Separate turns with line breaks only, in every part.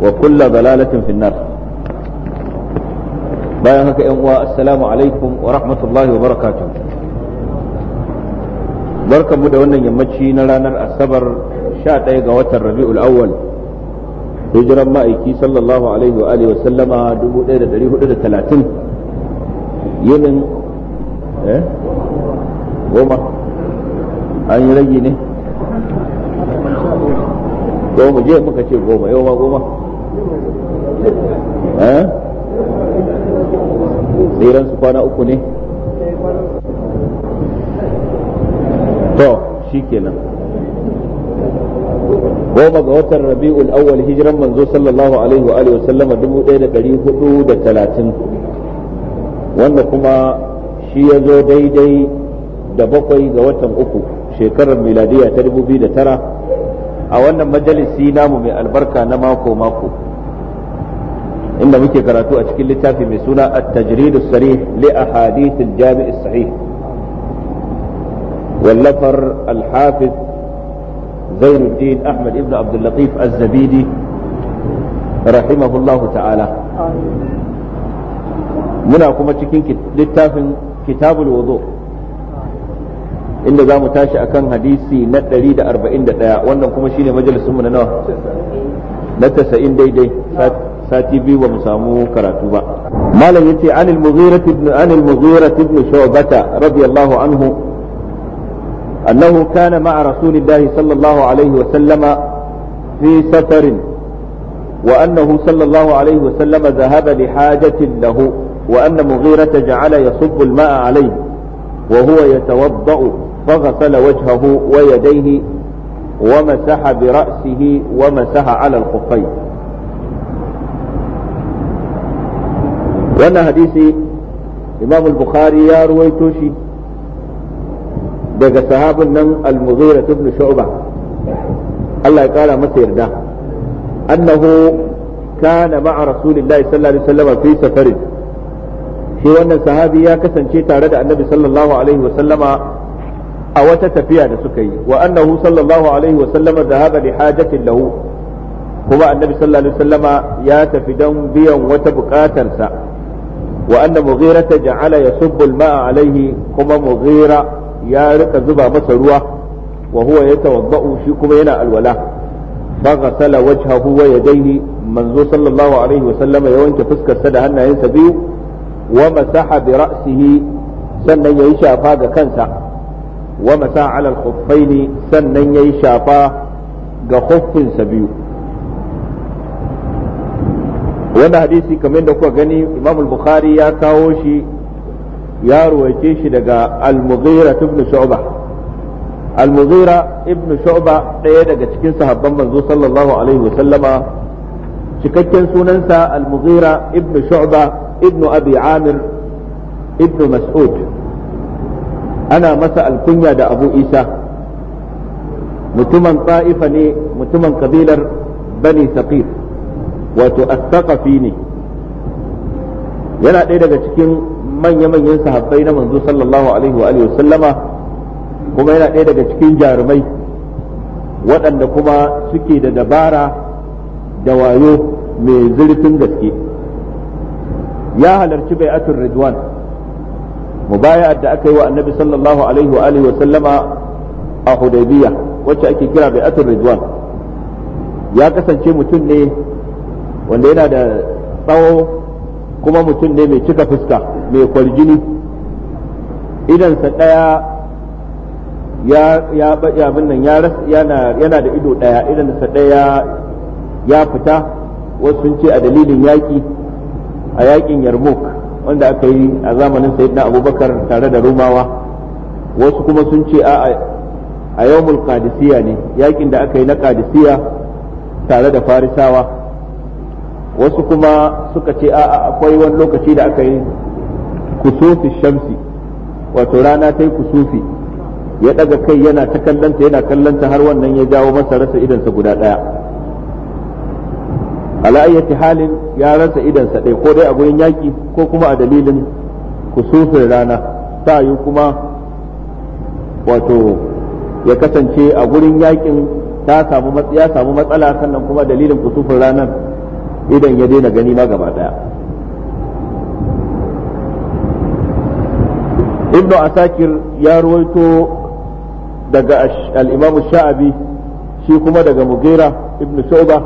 wa kulla dalalatin finnar bayan haka yan uwa assalamu alaikum wa rahmatullahi wa barakatuh barkamu da wannan yammaci na ranar asabar 11 ga watan rabi'ul awwal hijiran ma'aiki sallallahu alaihi wa alihi wa sallama 1430 yinin eh goma an yi ne goma je muka ce goma yau ma goma Eh? tsiran su kwana uku ne to nan. goma ga watan rabi'ul awwal hijiran manzo sallallahu alaihi wa alihi wasallama talatin, wanda kuma shi ya zo daidai da bakwai ga watan uku shekarar miladiya ta dubu biyu da tara, a wannan majalisi namu mai albarka na mako-mako inda muke karatu a cikin littafi mai suna at-tajrid sarih li ahadith al-jami' as-sahih wallafar al-hafiz Zainuddin Ahmad ibn Abdul Latif Az-Zabidi rahimahullahu ta'ala muna kuma cikin littafin kitabul wudu inda zamu tashi akan hadisi na 141 wannan kuma shine majalisun mu na nawa na 90 daidai sati biyu ba mu samu karatu ba malam yace anil mughira ibn anil mughira ibn shu'bata radiyallahu anhu annahu kana ma'a rasulillahi sallallahu alaihi wa sallama fi safarin وأنه صلى الله عليه وسلم ذهب لحاجة له وأن مغيرة جعل يصب الماء عليه وهو يتوضأ فغسل وجهه ويديه ومسح برأسه ومسح على الخفين wannan hadisi imam al-bukhari ya ruwaito shi daga sahabin nan al-mughira ibn shu'ba Allah ya kara masa yarda annahu kana ma'a rasulillahi sallallahu alaihi wasallam fi safarin shi wannan sahabi ya kasance tare da annabi sallallahu alaihi wasallama a wata tafiya da suka yi wa annahu sallallahu alaihi wasallama dhahaba li hajatin lahu kuma annabi sallallahu alaihi wasallama ya tafi don biyan wata bukatarsa wa anna mughira ta ja'ala yasubbu alaihi kuma mughira ya rika zuba masa ruwa wa huwa yatawadda'u shi kuma yana alwala fa ghasala wajhahu wa yadayhi manzo sallallahu alaihi wa sallama ya wanke fuskarsa da hannayensa biyu wa masaha bi ra'sihi sannan yayi shafa ga kansa wa masaha ala al-khuffaini sannan yayi shafa ga khuffinsa biyu wanda hadisi kamar da kuka gani imam al-bukhari ya kawo shi ya ruwace shi daga al-mughira ibn shu'ba al-mughira ibn shu'ba ɗaya daga cikin sahabban manzo sallallahu alaihi wasallama cikakken sunansa al-mughira ibn shu'ba ibn abi amir ibn mas'ud ana masa alkunya da abu isa mutumin ta'ifa ne mutumin kabilar bani saqif wato as-saqafi ne yana ɗaya daga cikin manya-manyan sahabbai na manzo sallallahu alaihi wa alihi sallama kuma yana ɗaya daga cikin jarumai waɗanda kuma suke da dabara da wayo mai zurfin gaske ya halarci bai'atul ridwan mubaya'ar da aka yi wa annabi sallallahu alaihi wa alihi sallama a hudaybiya wacce ake kira bai'atul ridwan ya kasance mutum ne wanda yana da tsawo kuma mutum ne mai cika fuska mai kwarjini idansa ɗaya ya ya abin nan yana yana da ido ɗaya idansa ɗaya ya fita wasu sun ce a dalilin yaƙi a yaƙin yarmouk wanda aka yi a zamanin na abubakar tare da rumawa wasu kuma sun ce a yawmul kadisiya ne yaƙin da aka yi na ƙadisiya tare da farisawa wasu kuma suka ce a akwai wani lokaci da aka yi kusufi shamsi wato rana ta yi kusufi ya daga kai yana ta kallanta yana kallanta har wannan ya jawo masa rasa idansa guda daya ala halin ya rasa idansa ɗaya ko dai a gurin yaƙi ko kuma a dalilin kusufin rana ta yi kuma wato ya kasance a gurin yaƙin ya samu matsala sannan kuma dalilin kusufin ranar idan ya daina gani ma gaba daya ibnu asakir ya ruwaito daga al-imam sha'abi shi kuma daga mugira ibnu shu'ba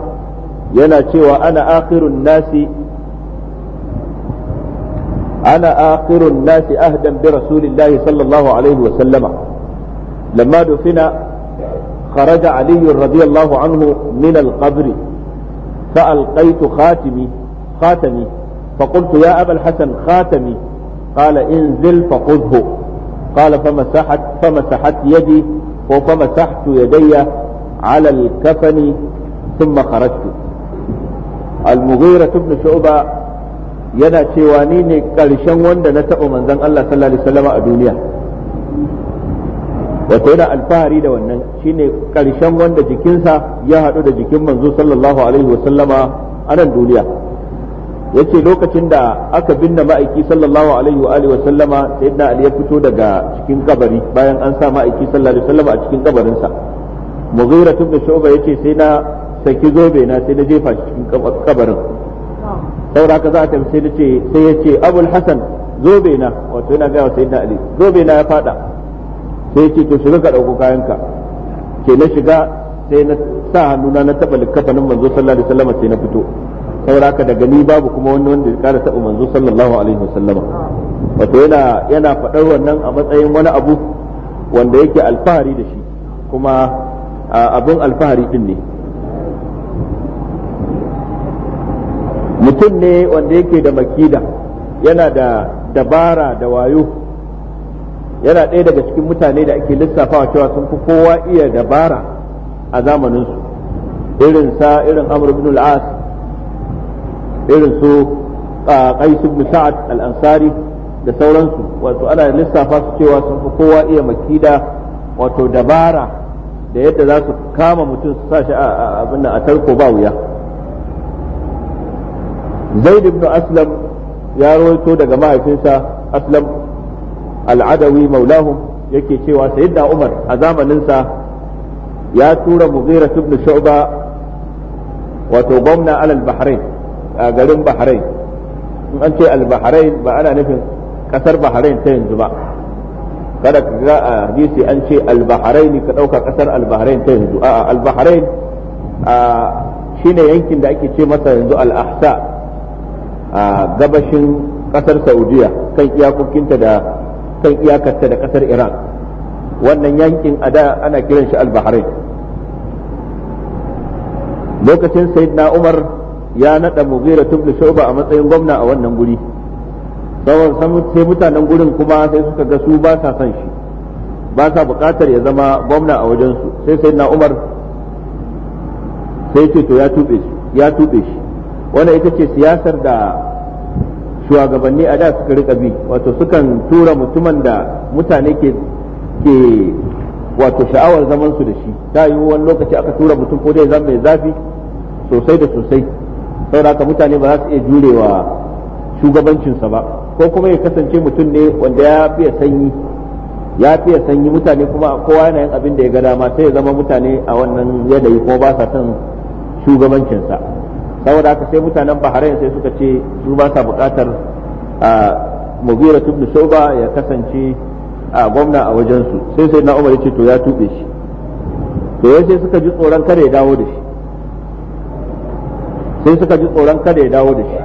yana cewa ana akhirun nasi أنا آخر الناس أهدا برسول الله صلى الله عليه وسلم لما دفن خرج علي رضي الله عنه من القبر فألقيت خاتمي خاتمي فقلت يا أبا الحسن خاتمي قال انزل فخذه قال فمسحت فمسحت يدي وفمسحت يدي على الكفن ثم خرجت المغيرة بن شعبة yana cewa ni ne ƙarshen wanda na taɓa manzon Allah sallallahu alaihi wasallam a duniya wato yana alfahari da wannan shine karshen wanda jikinsa ya haɗu da jikin manzo sallallahu alaihi wa sallama a nan duniya yace lokacin da aka binne ma'aiki sallallahu alaihi wa alihi wa sallama sayyidina ali ya fito daga cikin kabari bayan an sa ma'aiki sallallahu alaihi wa sallama a cikin kabarin sa mughira ibn shu'ba yace sai na saki zobe na sai na jefa shi cikin kabarin saboda haka za a tafi sai ce sai yace abul hasan zobe na wato yana ga sayyidina ali zobe na ya fada sai ce to shiga ka ɗauko kayanka ke na shiga sai na sa hannuna na taɓa likkafanin manzo sallallahu alaihi wasallam sai na fito saboda ka daga ni babu kuma wani wanda ya kada taɓa manzo sallallahu alaihi wasallam wato yana yana fadar wannan a matsayin wani abu wanda yake alfahari da shi kuma abin alfahari din ne mutum ne wanda yake da makida yana da dabara da wayo yana ɗaya daga cikin mutane da ake lissafawa cewa sun fi kowa iya dabara a zamaninsu irin sa irin amr ibn al-as irin su qais ibn sa'ad al-ansari da sauransu wato ana lissafa su cewa sun fi kowa iya makida wato dabara da yadda za su kama mutum su sa shi a abin a tarko ba wuya zaid ibn aslam ya rawaito daga mahaifinsa aslam al'adawi maulahum yake cewa sayyidina umar a zamaninsa ya tura mughira ibn shu'ba wato gwamna alal bahrain garin bahrain in an ce al ba ana nufin kasar bahrain ta yanzu ba kada ka ga a hadisi an ce al bahrain ka dauka kasar al bahrain ta yanzu a'a al shine yankin da ake ce masa yanzu al a gabashin ƙasar saudiya kan iyakokinta da kan iyakarta da kasar iran wannan yankin a da ana kiran shi al-bahrain lokacin sayyidina umar ya nada mughira ibn shu'ba a matsayin gwamna a wannan guri sai mutanen gurin kuma sai suka ga su ba sa son shi ba sa bukatar ya zama gwamna a wajensu sai sayyidina umar sai ce to ya tube shi ya tube shi wannan ita ce siyasar da shugabanni a da suka rika bi wato sukan tura mutumin da mutane ke ke wato sha'awar zaman su da shi ta yi wani lokaci aka tura mutum ko dai zama mai zafi sosai da sosai saboda haka mutane ba za su iya jurewa shugabancinsa ba ko kuma ya kasance mutum ne wanda ya fiye sanyi ya fiye sanyi mutane kuma kowa yana yin abin da ya ga dama sai ya zama mutane a wannan yanayi kuma ba sa son shugabancinsa saboda haka sai mutanen bahrain sai suka ce su ba sa buƙatar mugira ibn shuba ya kasance a gwamna a wajensu sai sai na umar ya ce to ya tuɓe shi to yau sai suka ji tsoron kada ya dawo da shi sai suka ji tsoron kada ya dawo da shi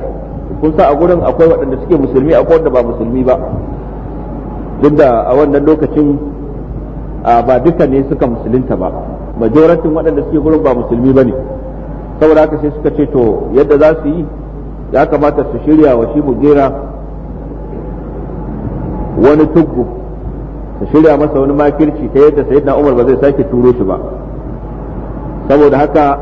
kun sa a gurin akwai waɗanda suke musulmi akwai wanda ba musulmi ba duk da a wannan lokacin ba duka ne suka musulunta ba majoratin waɗanda suke gurin ba musulmi ba ne saboda haka sai suka ce to yadda za su yi ya kamata su shirya wa shi bugera wani tuggu su shirya masa wani makirci ta yadda na umar ba zai sake turo shi ba saboda haka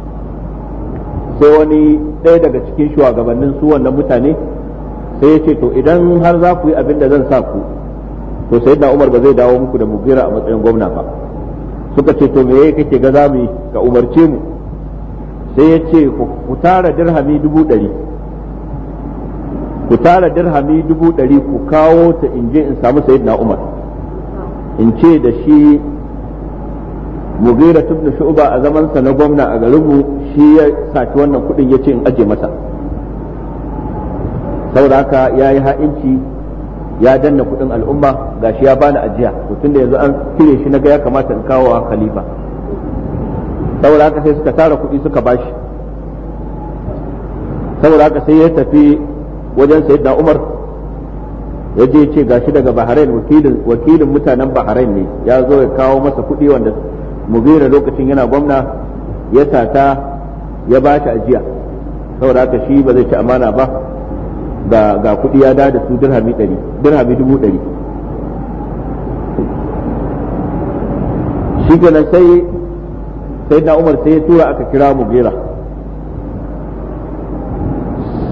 sai wani ɗaya daga cikin shugabannin su wannan mutane sai ya ce to idan har za ku yi abin zan sa ku to na umar ba zai dawo muku da mugira a matsayin gwamna ba suka ce to me kake ga za mu yi ka umarce mu sai ya ce ku tara dirhami dubu ɗari ku tara dirhami dubu ɗari ku kawo ta in je in samu na umar in ce da shi mugira tubna shu'ba a zamansa na gwamna a garinmu shi ya saki wannan kuɗin ya ce in aje masa sauraka ya yi ha'inci ya danna kuɗin al'umma ga shi ya bani ajiya to da yanzu an kire shi na ga ya kamata in kawo khalifa saboda haka sai suka tara kuɗi suka bashi saboda haka sai ya tafi wajen da Umar ya je ce gashi daga Bahrain wakilin mutanen Bahrain ne ya zo ya kawo masa kuɗi wanda mu mubira lokacin yana gwamna ya sata ya ba shi ajiya saboda haka shi ba zai ci amana ba ga ga kuɗi ya da su dirhami dubu dirhami shi shi sai sai na umar sai ya tura aka kira mugira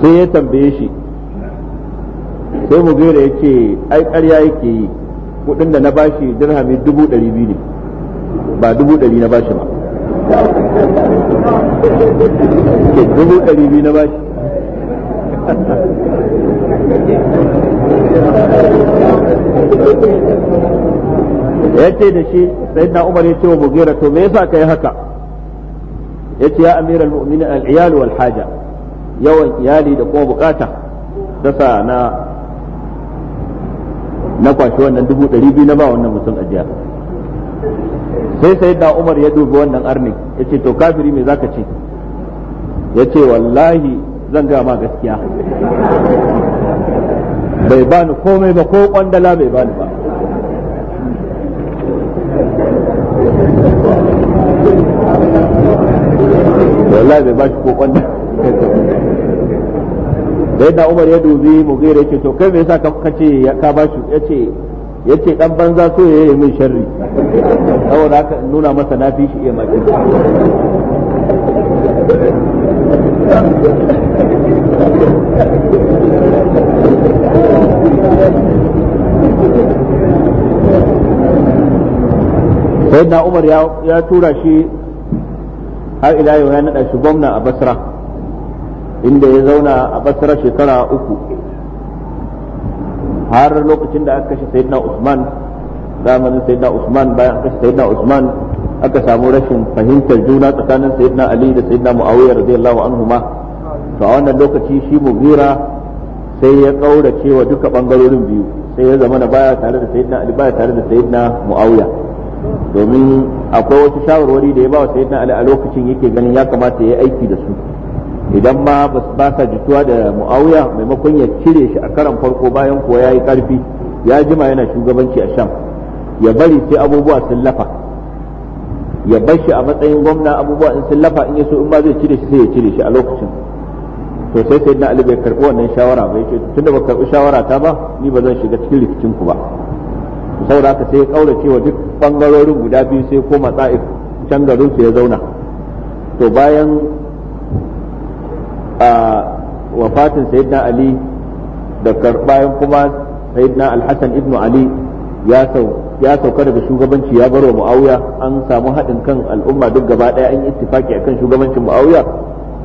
sai ya tambaye shi sai mugira ya ce ai karya yake yi kudin da na bashi dirhami dubu ɗari biyu ne ba dubu ɗari na bashi ba dubu ɗari biyu na bashi ya ce da shi sai na umar ya ce wa mugira to me yasa ka yi haka yace ya amiral mu'minin al-iyal wal haja yawan iyali da kuma bukata dasa na na kwashi wannan dubu ɗari biyu na ba wannan mutum ajiya sai sai da umar ya dubi wannan arni ya ce to kafiri me zaka ce ya ce wallahi zan ga ma gaskiya bai bani komai ba ko kwandala bai bani ba wallahi bai bashi ko kwanda da yadda Umar ya dubi Mughira yake to kai me yasa ka kace ka bashi yace yace dan banza so ya yi min sharri saboda haka nuna masa na fi shi iya maki sayyidina Umar ya tura shi har ila yau ya naɗa shi gwamna a basra inda ya zauna a basra shekara uku har lokacin da aka kashe sayyidina usman zamanin sayyidina usman bayan aka kashe sayyidina usman aka samu rashin fahimtar juna tsakanin sayyidina ali da sayyidina muawiya radiyallahu anhuma to a wannan lokaci shi mugira sai ya kaurace cewa duka bangarorin biyu sai ya zama baya tare da sayyidina ali baya tare da sayyidina muawiya domin akwai wasu shawarwari da ya ba wa sayyidina ali a lokacin yake ganin ya kamata ya yi aiki da su idan ma ba sa jituwa da muawiya maimakon ya cire shi a karan farko bayan kuwa ya yi karfi ya jima yana shugabanci a sham ya bari sai abubuwa sun lafa ya bar shi a matsayin gwamna abubuwa in sun lafa in ya so in ba zai cire shi sai ya cire shi a lokacin to sai sai ali bai karbi wannan shawara ba yake da ba karbi shawara ta ba ni ba zan shiga cikin rikicin ku ba saboda haka sai ya kaurace wa duk bangarorin guda biyu sai koma ta'if can garin su ya zauna to bayan a wafatin sayyidina ali da bayan kuma sayyidina alhassan hasan ibn ali ya ya sauka daga shugabanci ya barwa muawiya an samu haɗin kan al'umma duk gaba ɗaya an yi ittifaki akan shugabancin muawiya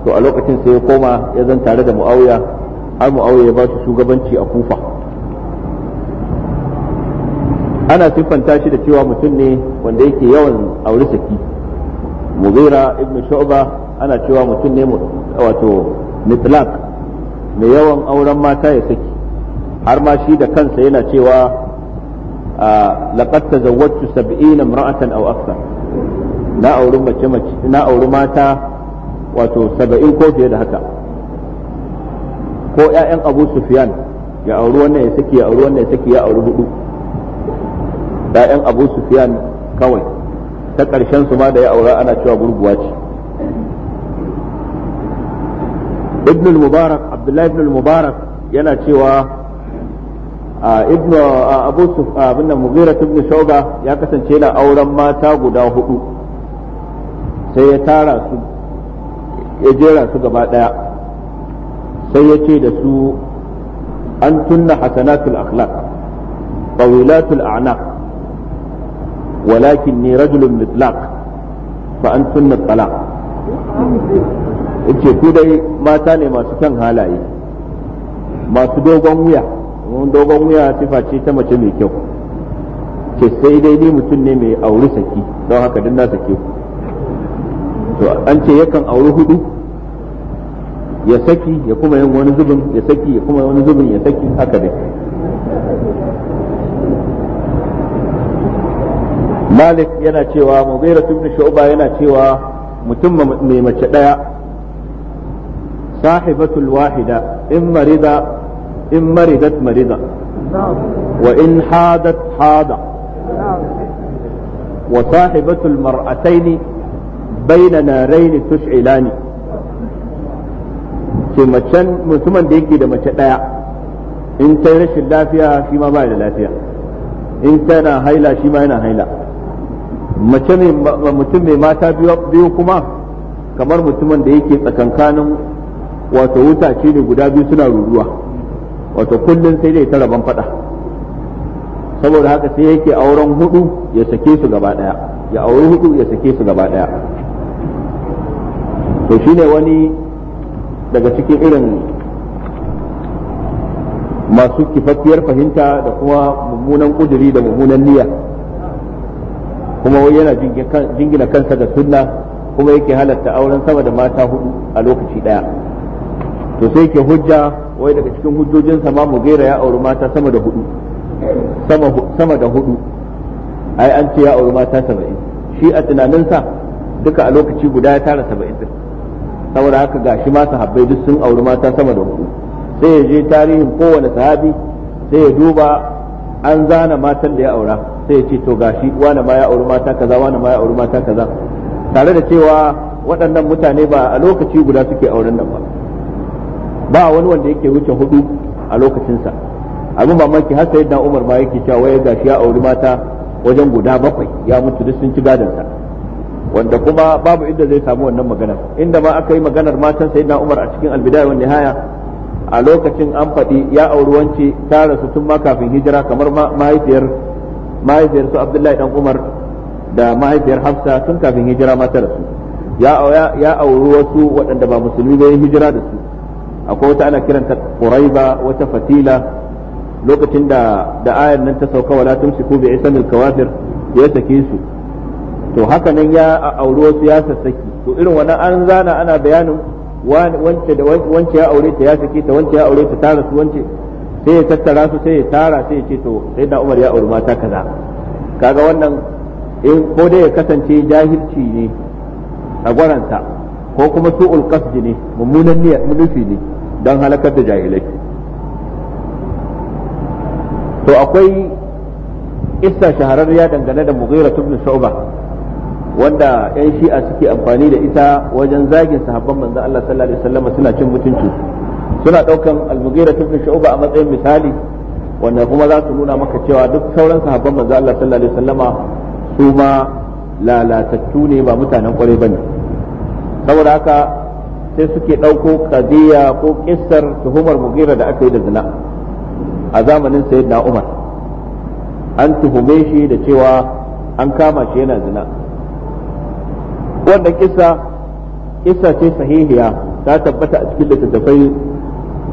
to a lokacin sai ya koma ya zan tare da muawiya har muawiya ya ba shi shugabanci a kufa ana siffanta shi da cewa mutum ne wanda yake yawan aure saki mughira ibn shu'ba ana cewa mutum ne wato mitlaq mai yawan auren mata ya saki har ma shi da kansa yana cewa laqad tazawwajtu 70 imra'atan aw akthar na auri mace mace na auri mata wato 70 ko fiye da haka ko ƴaƴan Abu Sufyan ya auri wannan ya saki ya auri wannan ya saki ya auri hudu yayan abu sufyan kawai ta ƙarshen su ma da ya aura ana cewa gurguwa ce ibn mubarak abdullahi ibn mubarak yana cewa ibn abu sufyan ibn mughira ibn ya kasance yana auren mata guda hudu sai ya tara su ya jera su gaba ɗaya sai ya ce da su an tunna hasanatul akhlaq tawilatul a'naq walakinni rajulun mitlaq fa an sunna talaq yace ku dai mata ne masu kyan halaye masu dogon wuya dogon wuya sifa ce ta mace mai kyau ke sai dai ni mutum ne mai auri saki don haka din na sake ku to an ce yakan auri hudu ya saki ya kuma yin wani zubin ya saki ya kuma wani zubin ya saki haka dai malik yana cewa mughira ibn shu'ba yana cewa mutum mai mace daya sahibatul wahida in marida in marida
wa
in hadat hada wa sahibatul mar'ataini bayna naraini tush'ilani ce mutumin da yake da mace daya in ta rashin lafiya shi ma ba da lafiya in tana haila shi ma yana haila mace mai mutum mai mata biyu kuma kamar mutumin da yake tsakankanin wato wuta ce ne guda biyu suna ruruwa wato kullum sai dai ta rabon fada saboda haka sai yake auren hudu ya sake su gaba daya ya auri hudu ya sake su gaba daya to shine wani daga cikin irin masu kifaffiyar fahimta da kuma mummunan kuduri da mummunan niyya kuma wai yana jingina kansa da sunna kuma yake halatta auren sama da mata hudu a lokaci daya to sai yake hujja wai daga cikin hujjojinsa ma gaira ya auri mata sama da hudu sama da hudu ai an ce ya auri mata saba'in shi a tunaninsa duka a lokaci guda ya tara saba'in din saboda haka gashi ma habbai duk sun auri mata sama da hudu sai ya je tarihin kowane sahabi sai ya duba an zana matan da ya aura sai ya ce to gashi wani ma ya auri mata kaza wani ma ya auri mata kaza tare da cewa waɗannan mutane ba a lokaci guda suke auren nan ba ba wani wanda yake wuce hudu a lokacinsa abin mamaki har sai dan Umar ma yake cewa wai gashi ya auri mata wajen guda bakwai ya mutu duk sun ci gadansa wanda kuma babu inda zai samu wannan maganar inda ma aka yi maganar matan sayyidina Umar a cikin albidaya wa nihaya a lokacin an faɗi ya auri wance ta rasu tun ma kafin hijira kamar mahaifiyar mahaifiyarsu abdullahi dan umar da mahaifiyar hafsa tun kafin hijira mata da su ya auri wasu waɗanda ba musulmi ba hijira da su akwai wata ana kiranta quraiba wata fatila lokacin da da ayar nan ta sauka wala tumsiku bi isamil kawafir ya sake su to haka nan ya auri wasu ya sassaki to irin wannan an zana ana bayanin wance da wance ya aure ta ya sake ta wance ya aure ta ta rasu wance sai ya tattara su sai ya tara sai ya ce to sai na umar ya auri mata kaza kaga wannan in ko dai ya kasance jahilci ne a gwaranta ko kuma su qasdi ne mummunan nufi ne don halakar da jahilai to akwai isa shahararriya dangane da mughira ibn shu'ba wanda yan shi'a suke amfani da ita wajen zagin sahabban manzon Allah sallallahu alaihi wasallam suna cin mutunci suna daukan al-mughira ibn shu'ba a matsayin misali wanda kuma za su nuna maka cewa duk sauran sahabban manzo Allah sallallahu alaihi wasallama su ma lalatattu ne ba mutanen kwarai bane saboda haka sai suke dauko kadiya ko kissar tuhumar mughira da aka yi da zina a zamanin sayyidina Umar an tuhume shi da cewa an kama shi yana zina wannan ƙisa kissa ce sahihiya ta tabbata a cikin littattafai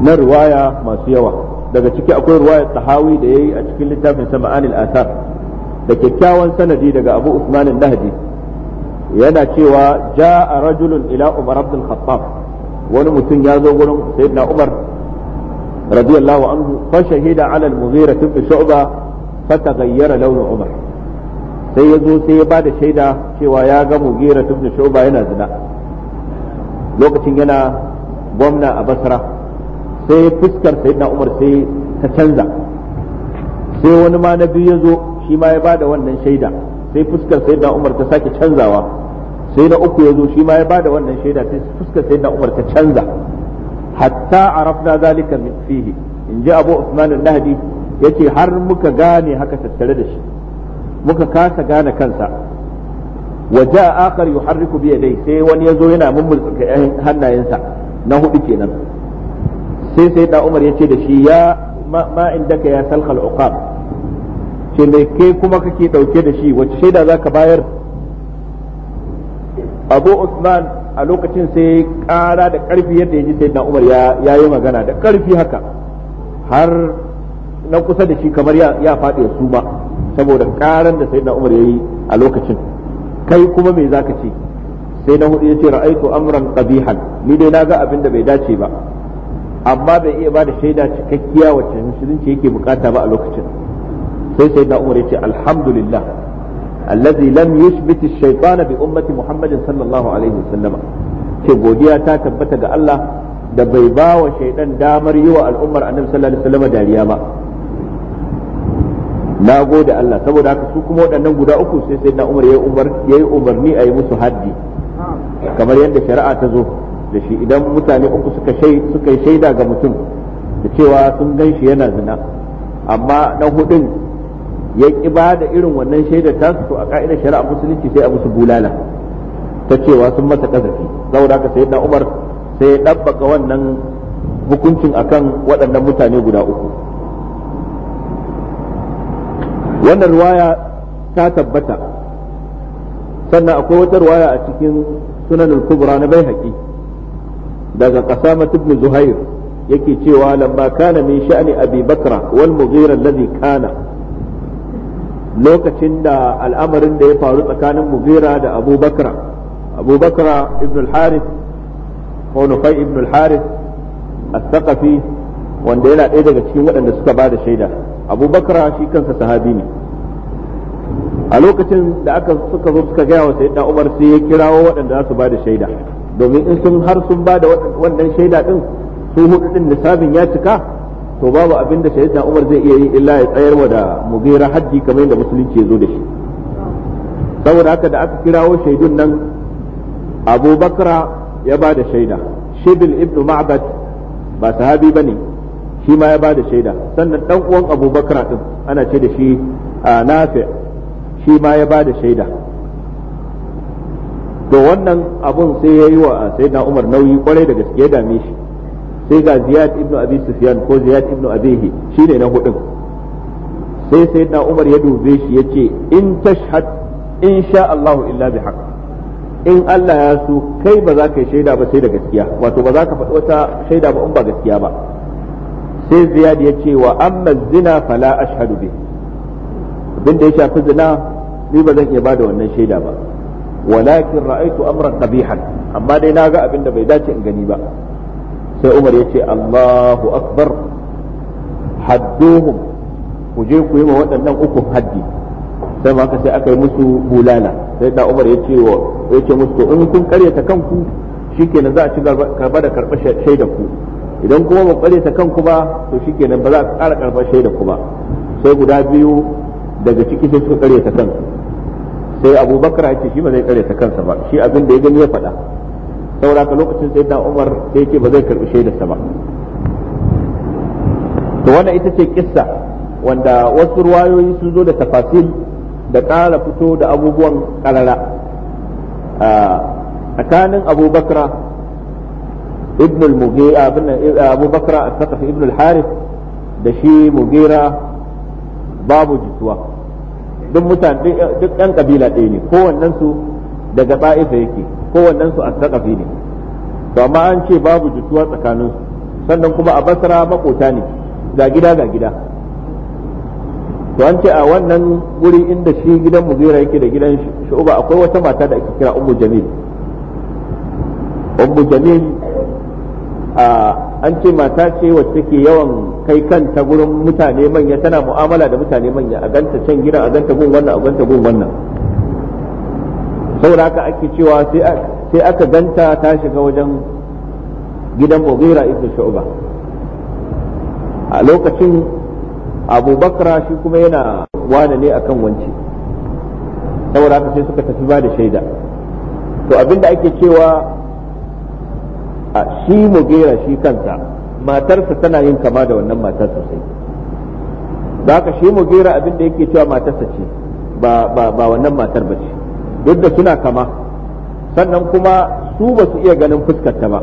na riwaya masu yawa daga ciki akwai riwayar tahawi da yayi a cikin littafin sa ma'anil asar da kyakkyawan sanadi daga abu usman al yana cewa ja'a rajulun ila umar ibn khattab wani mutum ya zo gurin sayyidina umar radiyallahu anhu fa shahida ala al-mughira ibn shu'ba fa taghayyara launu umar sai ya zo sai ya ba da shaida cewa ya ga mugira tun da yana zina lokacin yana gwamna a basra sai fuskar sayyidina umar sai ta canza sai wani ma na biyu ya zo shi ma ya bada wannan shaida sai fuskar sayyidina umar ta sake canzawa sai na uku ya zo shi ma ya bada wannan shaida sai fuskar sayyidina umar ta canza hatta arafna zalika min fihi in ji abu usman al-nahdi yace har muka gane haka tattare da shi muka kasa gane kansa waje a jaa akhar yuharriku biya dai sai wani ya zo yana mummulka hannayensa na hudu kenan sai sai da umar ya ce da shi ya ma indaka ya talhal uqab ce mai kai kuma kake dauke da shi wacce shaida zaka bayar abu usman a lokacin sai kara da karfi yadda ya ji sai da umar ya yi magana da karfi haka har na kusa da shi kamar ya faɗi su ba saboda karan da sai da umar ya yi a lokacin kai kuma me zaka ce sai na hudu yace ce amran qabihan ni dai na ga abin da bai dace ba amma bai iya ba da shaida cikakkiya wacce musulunci yake bukata ba a lokacin sai sai da umar yace alhamdulillah allazi lam yushbit ash-shaytana bi ummati muhammadin sallallahu alaihi wasallama ce godiya ta tabbata ga Allah da bai ba wa shaidan damar yi wa al'ummar annabi sallallahu alaihi wasallama dariya ba na gode Allah saboda haka su kuma waɗannan guda uku sai sai na umar yayi yi umarni a yi musu haddi kamar yadda shari'a ta zo da shi idan mutane uku suka suka shaida ga mutum da cewa sun gan shi yana zina amma na hudun ya ki ba da irin wannan shaidar ta su a ka'idar shari'a musulunci sai a musu bulala ta cewa sun masa kazafi saboda haka sai Umar sai ya dabbaka wannan hukuncin akan waɗannan mutane guda uku wannan ruwaya ta tabbata sannan akwai wata ruwaya a cikin sunan kubra na bai haƙi daga qasamat ibn zuhair yake cewa lamma kana min sha'ni abi bakra wal mughira alladhi kana lokacin da al'amarin da ya faru tsakanin mughira da abu bakra abu bakra ibn al-harith ko nufai ibn al-harith al-thaqafi wanda yana ɗaya daga cikin waɗanda suka ba da shaida abu bakra shi kansa sahabi ne a lokacin da aka suka zo suka gaya wa sayyidina umar sai ya kirawo waɗanda za su ba da shaida domin in sun har sun ba da wannan shaida din su hudu din lissafin ya cika to babu abin da shaidan umar zai iya yi illa ya tsayar wa da mugira haddi kamar yadda musulunci ya zo da shi saboda haka da aka kirawo shaidun nan Abubakar ya ba da shaida shibil ibn ma'bad ba sahabi bane shi ma ya ba da shaida sannan dan uwan Abubakar din ana ce da shi nafi shi ma ya ba da shaida to wannan abun sai ya yi wa sayyidina Umar nauyi kwarai da gaske ya dame shi sai ga Ziyad ibnu Abi Sufyan ko Ziyad ibnu Abihi shine na hudun sai sayyidina Umar ya dube shi ya ce in tashhad in sha Allahu illa bi haqq in Allah ya so kai ba za ka yi shaida ba sai da gaskiya wato ba za ka faɗi wata shaida ba in ba gaskiya ba sai Ziyad ya ce wa amma zina fala ashhadu bi abinda ya shafi zina ni ba zan iya bada wannan shaida ba walakin ra'aitu amran qabihan amma dai na ga abin da bai dace in gani ba sai Umar ya ce Allahu akbar hadduhum ku je ku yi wa waɗannan ukun haddi sai ma sai aka yi musu bulala sai da Umar ya ce wa karyata kanku shikenan da ku idan kuma ba karyata kanku ba to shikenan ba za a ƙara karɓar shaidar ku ba sai guda biyu daga ciki sai suka karyata kanku. sai abubakar ya ce shi ba zai tsare ta kansa ba shi abin da ya gani ya faɗa saboda ka lokacin sai da umar sai ce ba zai karbi sa ba to wannan ita ce kissa wanda wasu ruwayoyi sun zo da tafasil da ƙara fito da abubuwan ƙarara tsakanin abubakar ibn al-mughira eh, abubakar as-saqafi ibn al-harith da shi mughira babu jituwa duk mutane duk ɗan kabila ɗaya ne kowannen su daga ba'ifa yake kowannen su sakafi ne to amma an ce babu jituwa tsakanin su sannan kuma a basra makota ne ga gida ga gida to an ce a wannan guri inda shi gidan mugera yake da gidan shu'uba akwai wata mata da ake kira ummu jamil ummu jamil an ce mata ce wacce take yawan kai kanta gurin mutane manya tana mu'amala da mutane manya a ganta can gida a ganta gun wannan a ganta gun wannan saboda haka ake cewa sai aka ganta ta shiga wajen gidan mughira ibn shu'ba a lokacin abubakra shi kuma yana wane ne akan wance saboda haka sai suka tafi ba da shaida to abinda ake cewa a shi mugera shi kansa matarsa tana yin kama da wannan matar sosai da ka shi mugera abin da yake cewa matarsa ce ba ba wannan matar ba ce duk da suna kama sannan kuma su ba su iya ganin fuskarta ba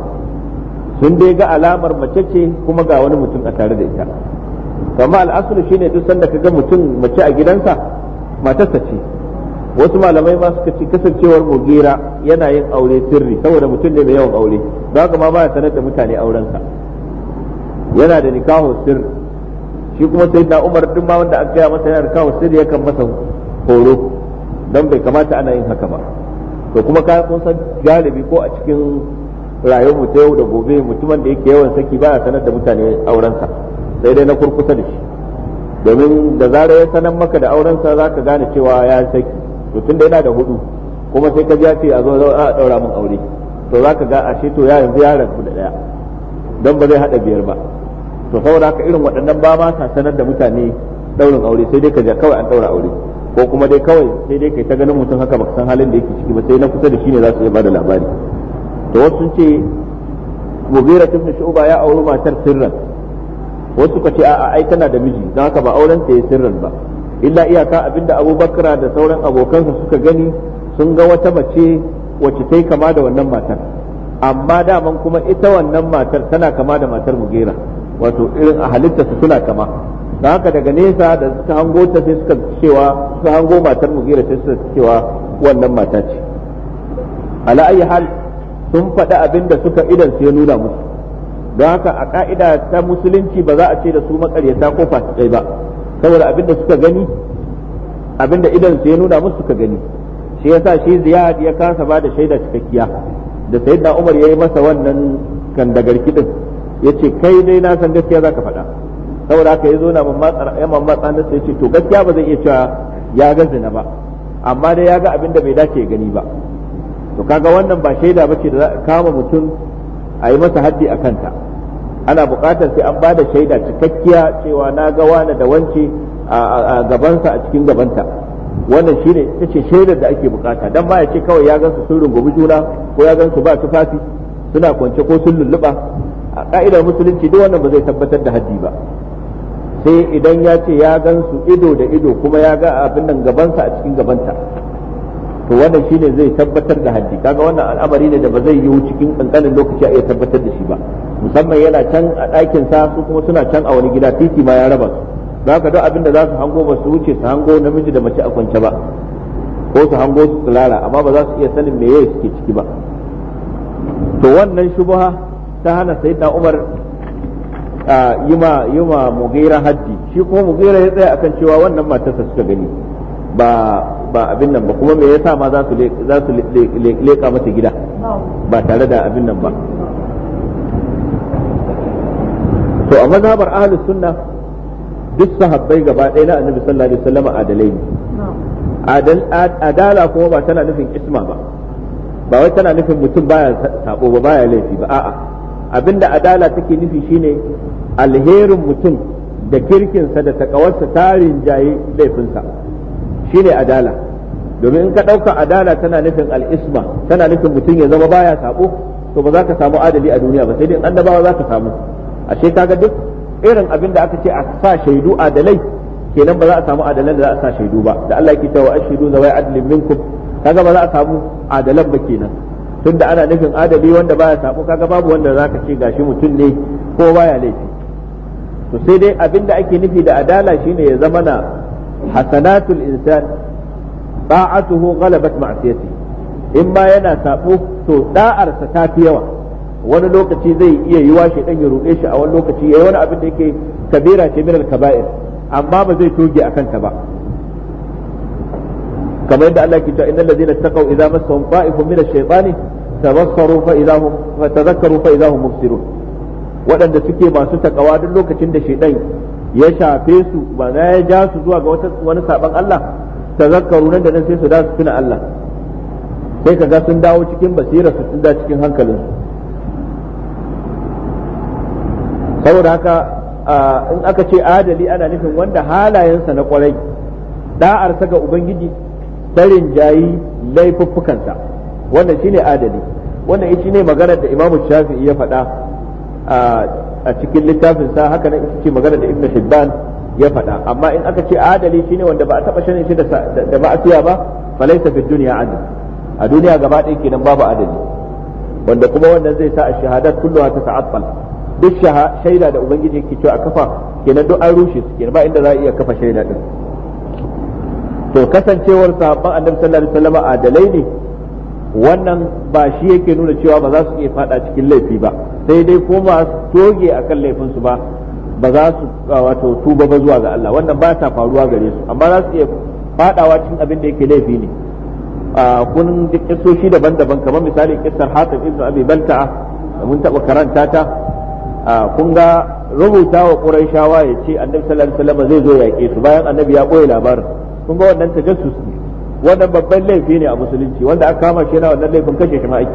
sun dai ga alamar mace ce kuma ga wani mutum a tare da ita kama al'asulu shine duk sanda ka ga mutum mace a gidansa matarsa ce wasu malamai ma suka ci kasancewar mugira yana yin aure sirri saboda mutum ne mai yawan aure don haka ma baya sanar da mutane aurensa yana da nikahu sirri shi kuma sai da umar duk ma wanda aka gaya masa yana kawo sirri yakan masa horo don bai kamata ana yin haka ba to kuma ka kun san galibi ko a cikin rayuwar ta yau da gobe mutumin da yake yawan saki baya sanar da mutane aurensa sai dai na kurkusa da shi domin da zarar ya sanar maka da aurensa za ka gane cewa ya saki to tunda yana da hudu kuma sai ka ji ce a zo a daura min aure to zaka ga ashe to ya yanzu ya rabu da daya don ba zai hada biyar ba to saboda haka irin waɗannan ba ma sanar da mutane daurin aure sai dai ka ji kawai an daura aure ko kuma dai kawai sai dai kai ta ganin mutum haka baka san halin da yake ciki ba sai na kusa da shi ne za su iya bada labari to wasu sun ce mugira ibn shu'ba ya auri matar sirran wasu ka ce a'a ai tana da miji don haka ba auren ta ya sirran ba illa iyaka abinda abubakar da sauran abokansa suka gani sun ga wata mace wacce ta kama da wannan matar amma daman kuma ita wannan matar tana kama da matar mugera wato irin a halittarsa suna kama da haka daga nesa da suka hango ta sai suka cewa suka hango matar mugera sai suka cewa wannan mata ce ala ayi hal sun faɗi abin da suka idan sai nuna musu don haka a ka'ida ta musulunci ba za a ce da su maƙaryata ko fasikai ba saboda abinda suka gani abinda idan su ya nuna musu suka gani shi yasa shi ziyad ya kasa ba da shaida cikakkiya da sayyidina umar yayi masa wannan kan garki din yace kai dai na san gaskiya zaka faɗa saboda haka yazo na mammatsa ya matsa nan sai yace to gaskiya ba zai iya cewa ya ga zina ba amma dai ya ga abin da bai dace ya gani ba to kaga wannan ba shaida bace da za a kama mutum a yi masa haddi a kanta ana buƙatar sai an bada shaida cikakkiya cewa na ga wani da wance a gabansa a cikin gabanta wannan shine ita ce shaidar da ake bukata dan ba ya ce kawai ya gansu sun rungumi juna ko ya gansu ba tufafi suna kwance ko sun lulluba a ka'idar musulunci duk wannan ba zai tabbatar da haddi ba sai idan ya ce ya gansu ido da ido kuma ya ga abin nan gabansa a cikin gabanta to wannan shine zai tabbatar da haddi kaga wannan al'amari ne da ba zai yiwu cikin kankanin lokaci a iya tabbatar da shi ba musamman yana can a ɗakin sa su kuma suna can a wani gida titi ma ya raba su ka duk abin da za su hango ba su wuce su hango namiji da mace a kwance ba ko su hango su tsirara amma ba za su iya sanin me yayi suke ciki ba to wannan shubha ta hana sayyidina Umar yi ma yi ma haddi shi kuma mugira ya tsaya akan cewa wannan matarsa suka gani ba ba abin nan ba kuma me yasa ma za su za su leka mata gida ba tare da abin nan ba to a mazhabar ahlus sunna duk sahabbai gaba ɗaya na annabi sallallahu alaihi wasallam adalai ne adala kuma ba tana nufin isma ba ba wai tana nufin mutum baya sabo ba baya laifi ba a'a abinda adala take nufi shine alherin mutum da kirkinsa da takawarsa tarin jaye laifinsa Shi ne adala domin in ka ɗauka adala tana nufin al'isma tana nufin mutum ya zama baya sabo to ba za ka samu adali a duniya ba sai dai annabawa za ka samu ashe kaga duk irin abin da aka ce a sa shaidu adalai kenan ba za a samu adalan da za a sa shaidu ba da Allah yake cewa ashhadu zawai adlin minkum kaga ba za a samu adalan ba kenan tunda ana nufin adali wanda baya sabo kaga babu wanda za ka ce gashi mutum ne ko baya laifi to sai dai abin da ake nufi da adala shine ya zama na hasanatul insan ta'atuhu ghalabat ma'siyati in ma yana sabo to da'arsa ta fi yawa wani lokaci zai iya yiwa shi dan ya ruɗe shi a wani lokaci ya yi wani abin da yake kabira ce min al-kaba'ir amma ba zai toge a ta ba kamar yadda Allah ke cewa innal ladina taqaw idza massahum ta'ifun min ash-shaytani tabassaru fa idza hum fa tadhakkaru fa idza hum mubsirun waɗanda suke masu takawa duk lokacin da shaidan ya shafe su ba za ya ja su zuwa ga wani saban Allah ta tazakkaru nan da nan sai su da su tuna Allah sai ka ga sun dawo cikin basira su tunda cikin hankalin saboda haka in aka ce adali ana nufin wanda halayensa na kwarai da'arsa ga ubangiji tsarin jayi laifuffukansa wannan shine adali wannan shi ne maganar da imamu shafi'i ya faɗa a cikin littafin sa haka nan ita ce magana da ibnu hibban ya faɗa amma in aka ce adali shine wanda ba a taɓa shanin shi da ma'asiya ba falaisa fi duniya adal a duniya gaba ɗaya kenan babu adali wanda kuma wannan zai sa a shahadat kulluha ta ta'affal duk shaida da ubangiji yake cewa a kafa kenan duk an rushe su kenan ba inda za a iya kafa shaida din to kasancewar sahabban annabi sallallahu alaihi wasallam adalai ne wannan ba shi yake nuna cewa ba za su iya fada cikin laifi ba sai dai ko ba toge a kan laifinsu ba ba za su wato tuba ba zuwa ga Allah wannan ba ta faruwa gare su amma za su iya fadawa cikin abin da yake laifi ne kun duk kisoshi daban-daban kamar misali kissar Hatim ibn Abi Balta'a da mun taba karanta ta kun ga rubuta wa Qurayshawa ya ce Annabi sallallahu alaihi wasallam zai zo yaƙe su bayan Annabi ya koyi labarin kun ga wannan tajassus ne wannan babban laifi ne a musulunci wanda aka kama shi yana wannan laifin kashe shi ma ake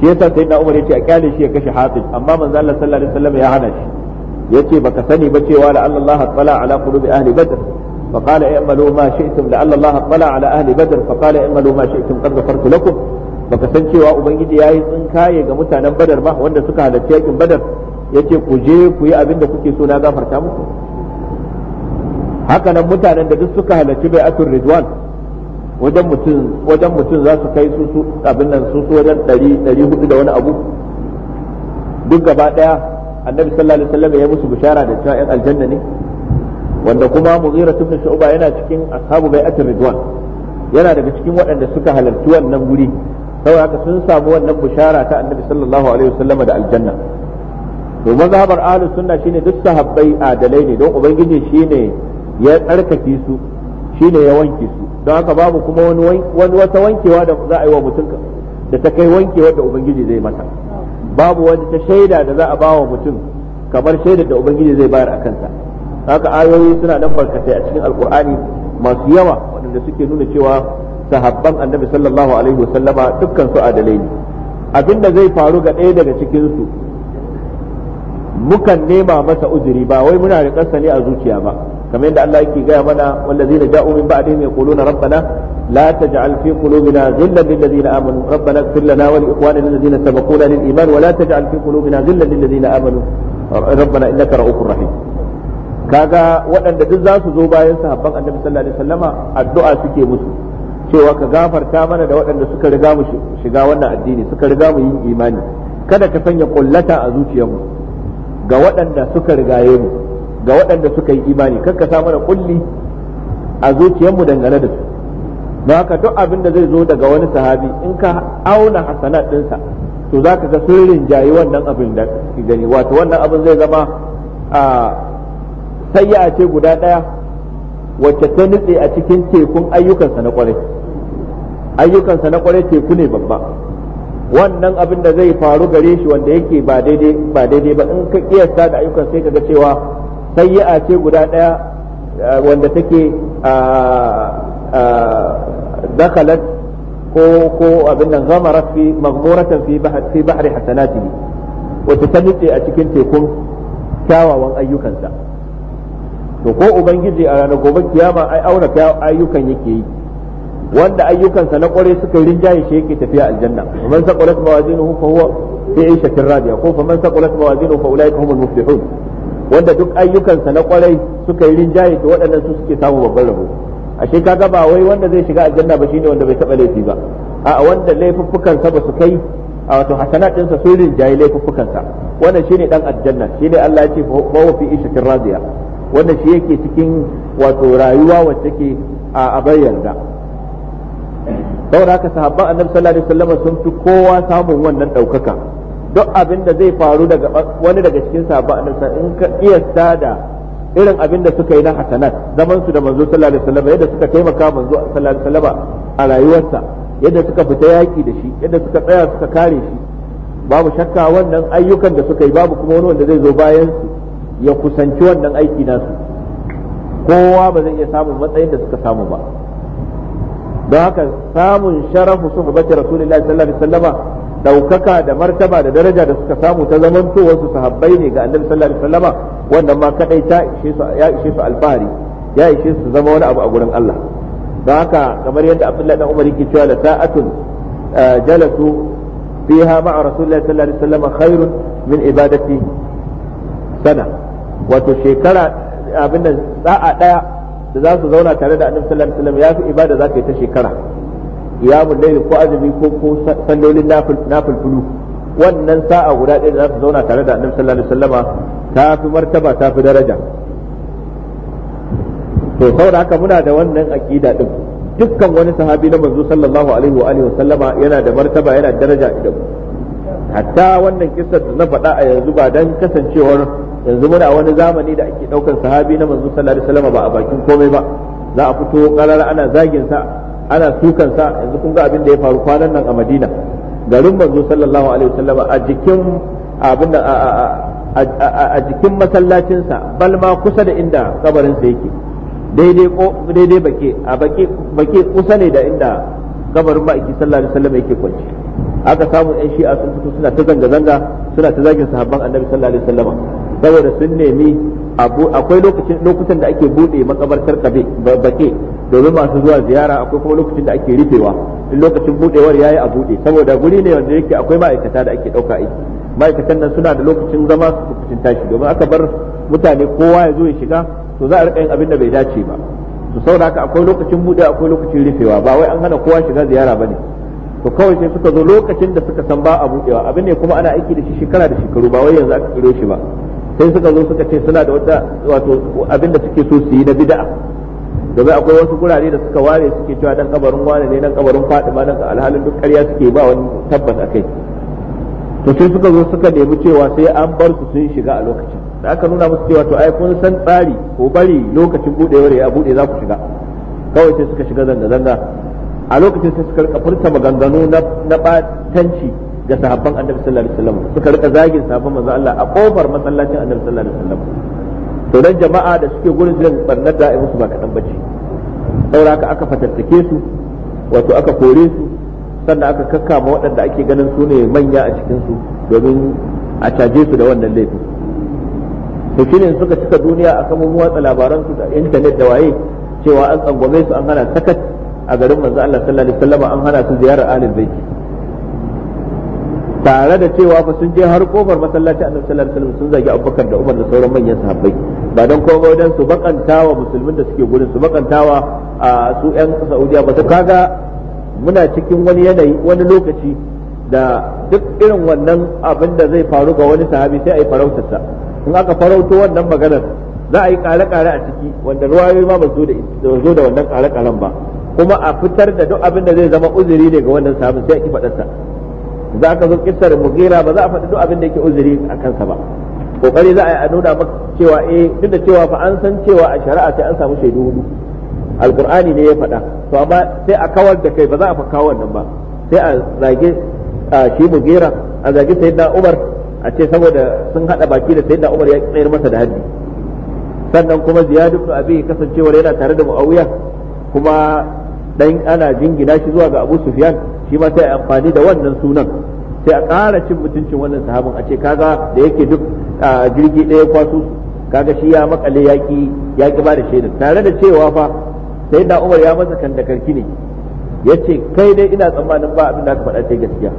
shi yasa sai na umar yace a kyale shi ya kashe hafiz amma manzo Allah sallallahu alaihi wasallam ya hana shi yace baka sani ba cewa la Allah tsala ala qulubi ahli badr فقال اعملوا ما شئتم لعل الله اطلع على اهل بدر فقال اعملوا ما شئتم قد غفرت لكم baka san cewa ubangiji yayi tsinkaye ga mutanen badar ba wanda suka halarci yakin badar yace ku je ku yi abin da kuke so na gafarta muku haka nan mutanen da duk suka halarci bai'atul ridwan wajen mutum wajen mutum za su kai su abin nan su wajen 100 da wani abu duk gaba daya annabi sallallahu alaihi wasallam ya musu bishara da cewa yan aljanna ne wanda kuma mughira ibn shu'ba yana cikin ashabu bai'atir ridwan yana daga cikin waɗanda suka halarci wannan guri saboda haka sun samu wannan bishara ta annabi sallallahu alaihi wasallam da aljanna to mazhabar ahlus sunna shine duk sahabbai adalai ne don ubangiji shine ya tsarkake su ne ya wanke su don haka babu kuma wani wata wankewa da za a yi wa mutum da ta kai wankewar da ubangiji zai mata babu wani ta shaida da za a ba wa mutum kamar shaida da ubangiji zai bayar a kansa haka ayoyi suna nan barkatai a cikin alkur'ani masu yawa waɗanda suke nuna cewa sahabban annabi sallallahu alaihi wasallama dukkan su adalai ne abinda zai faru ga ɗaya daga cikin su mukan nema masa uzuri ba wai muna riƙarsa ne a zuciya ba kamar yadda Allah yake gaya mana wallazina ja'u min ba'dihim yaquluna rabbana la taj'al fi qulubina ghillan lil ladzina amanu rabbana ighfir lana wa li ikhwanina alladhina sabaquna lil iman wa la taj'al fi qulubina ghillan lil ladzina amanu rabbana innaka ra'ufur rahim kaga waɗanda duk zasu zo bayan sahabban annabi addu'a suke musu cewa ka gafarta mana da waɗanda suka riga mu shiga wannan addini suka riga mu yin imani kada ka sanya kullata a zuciyarmu ga waɗanda suka rigaye mu ga waɗanda suka yi imani kakka sa mana kulli a zuciyarmu dangane da su don haka duk abin da zai zo daga wani sahabi in ka auna hasanat ɗinsa to za ka ga sun rinjaye wannan abin da gani wato wannan abin zai zama a a ce guda ɗaya wacce ta nutse a cikin tekun ayyukansa na kwarai ayyukansa na kwarai teku ne babba wannan abin da zai faru gare shi wanda yake ba daidai ba in ka kiyasta da ayyukan sai ka ga cewa sayyi'a ce guda daya eh, wanda take ah, ah, dakhalat ko ko abin nan ghamarat fi maghmuratan fi fi bahri hasanatihi wacce ta nutse a cikin tekun kyawawan ayyukansa to ko ubangiji a ranar gobe kiyama ai auna ayyukan yake yi wanda ayyukansa na kware suka rinjaye shi yake tafiya aljanna man saqulat mawazinuhu fa huwa fi 'ishatin radiya ko fa man saqulat mawazinuhu fa ulaika humul muflihun wanda duk ayyukansa na kwarai suka yi rinjaye to waɗannan su suke samu babban rabo ashe kaga ba wai wanda zai shiga aljanna ba shine wanda bai taɓa laifi ba a wanda laifuffukansa ba su kai a wato hasanat ɗinsa sun rinjaye laifuffukansa wannan shine dan aljanna shine Allah ya ce fa huwa fi ishatin radiya wannan shi yake cikin wato rayuwa wacce ke a bayyana saboda haka sahabban annabi sallallahu alaihi wasallam sun fi kowa samun wannan ɗaukaka duk abin da zai faru daga wani daga cikin sahabban in ka iya da irin abin da suka yi na hasanat zaman su da manzo sallallahu alaihi wasallam yadda suka taimaka manzo sallallahu alaihi wasallam a rayuwarsa yadda suka fita yaki da shi yadda suka tsaya suka kare shi babu shakka wannan ayyukan da suka yi babu kuma wani wanda zai zo bayan su ya kusanci wannan aiki nasu kowa ba zai iya samun matsayin da suka samu ba don haka samun sharafu suhbati rasulullahi sallallahu alaihi wasallam Daukaka da martaba da daraja da suka samu ta zamanto wasu sahabbai ne ga annabi sallallahu alaihi wasallama wannan ma kadai ta ishe su ya ishe su alfahari ya ishe su zama wani abu a gurin Allah don haka kamar yadda Abdullahi dan Umar yake cewa la sa'atun eh, jalasu fiha ma'a rasulullahi sallallahu alaihi wasallama khairun min ibadati sana wato shekara abin da sa'a daya da za su zauna tare da annabi sallallahu alaihi wasallam ya fi ibada za ta yi ta shekara qiyamul layl ko azumi ko ko sallolin nafilfulu wannan sa'a guda ɗaya da za su zauna tare da annabi sallallahu alaihi wasallama ta fi martaba ta fi daraja to saboda haka muna da wannan aqida din dukkan wani sahabi na manzo sallallahu alaihi wa alihi wasallama yana da martaba yana da daraja idan hatta wannan kissa da na faɗa a yanzu ba dan kasancewar yanzu muna wani zamani da ake ɗaukan sahabi na manzo sallallahu alaihi wasallama ba a bakin komai ba za a fito karar ana zagin sa ana sukan sa yanzu kun ga abin da ya faru kwanan nan a Madina garin manzo sallallahu alaihi wasallam a jikin abin da a jikin masallacinsa bal ma kusa da inda sa yake daidai bake a bake kusa ne da inda kabarin aiki sallallahu alaihi wasallam yake kwanci aka samu yan shi'a sun fito suna ta zanga zanga suna ta zagin sahabban annabi sallallahu alaihi wasallam saboda sun nemi akwai lokacin lokutan da ake bude makabartar kabe bake domin masu zuwa ziyara akwai kuma lokacin da ake rufewa in lokacin budewar yayi a bude saboda guri ne wanda yake akwai ma'aikata da ake dauka aiki ma'aikatan nan suna da lokacin zama su lokacin tashi domin aka bar mutane kowa ya zo ya shiga to za a rika yin abin da bai dace ba to saboda haka akwai lokacin bude akwai lokacin rufewa ba wai an hana kowa shiga ziyara ne. to kawai sai suka zo lokacin da suka san ba a budewa abin ne kuma ana aiki da shi shekara da shekaru ba wai yanzu aka kiro shi ba sai suka zo suka ce suna da wata wato abinda suke so su yi na bid'a domin akwai wasu gurare da suka ware suke cewa dan kabarin wane ne dan kabarin Fatima dan alhalin duk ƙarya suke ba wani tabbas akai to sai suka zo suka nemi cewa sai an bar su sun shiga a lokacin da aka nuna musu cewa to ai kun san tsari ko bari lokacin budewar ya bude za ku shiga kawai sai suka shiga zanga zanga a lokacin sai suka furta maganganu na batanci ga sahabban annabi sallallahu alaihi wasallam suka rika zagin sahabban manzo Allah a kofar masallacin annabi sallallahu alaihi wasallam to dan jama'a da suke gurin jin barnar da musu ba kadan bace saboda haka aka fatattake su wato aka kore su sannan aka kakkama waɗanda ake ganin su ne manya a cikin su domin a caje su da wannan laifin to shine suka cika duniya a kan watsa labaran su da intanet da waye cewa an tsangwame su an hana sakat a garin manzo Allah sallallahu alaihi wasallam an hana su ziyarar alil baiti tare da cewa fa sun je har kofar masallaci annabi sallallahu alaihi wasallam sun zagi abubakar da umar da sauran manyan sahabbai ba don kowa wajen su bakantawa musulmin da suke gurin su bakantawa a su yan saudiya ba su kaga muna cikin wani yanayi wani lokaci da duk irin wannan abin da zai faru ga wani sahabi sai a yi farautarsa in aka farauto wannan maganar za a yi kare-kare a ciki wanda ruwayoyi ma ba zo da wannan kare-karen ba kuma a fitar da duk abin da zai zama uzuri ne ga wannan sahabin sai a ki faɗarsa za ka zo kissar mugira ba za a faɗi duk abin da yake uzuri a kansa ba kokari za a yi a nuna maka cewa eh duk da cewa fa an san cewa a shari'a sai an samu shaidu hudu alqur'ani ne ya faɗa to amma sai a kawar da kai ba za a kawo wannan ba sai a zage shi mugira a zage da umar a ce saboda sun hada baki da da umar ya tsayar masa da haddi sannan kuma ziyad ibn abi kasancewar yana tare da muawiya kuma dan ana jingina shi zuwa ga abu sufyan shi ma sai a amfani da wannan sunan sai a ƙara cin mutuncin wannan sahabin a ce kaga da yake duk jirgi ɗaya kwaso kaga shi ya makale yaƙi yaƙi ba da shaidar tare da cewa fa sai da Umar ya masa kan da karki ne yace kai dai ina tsammanin ba abin da aka faɗa sai gaskiya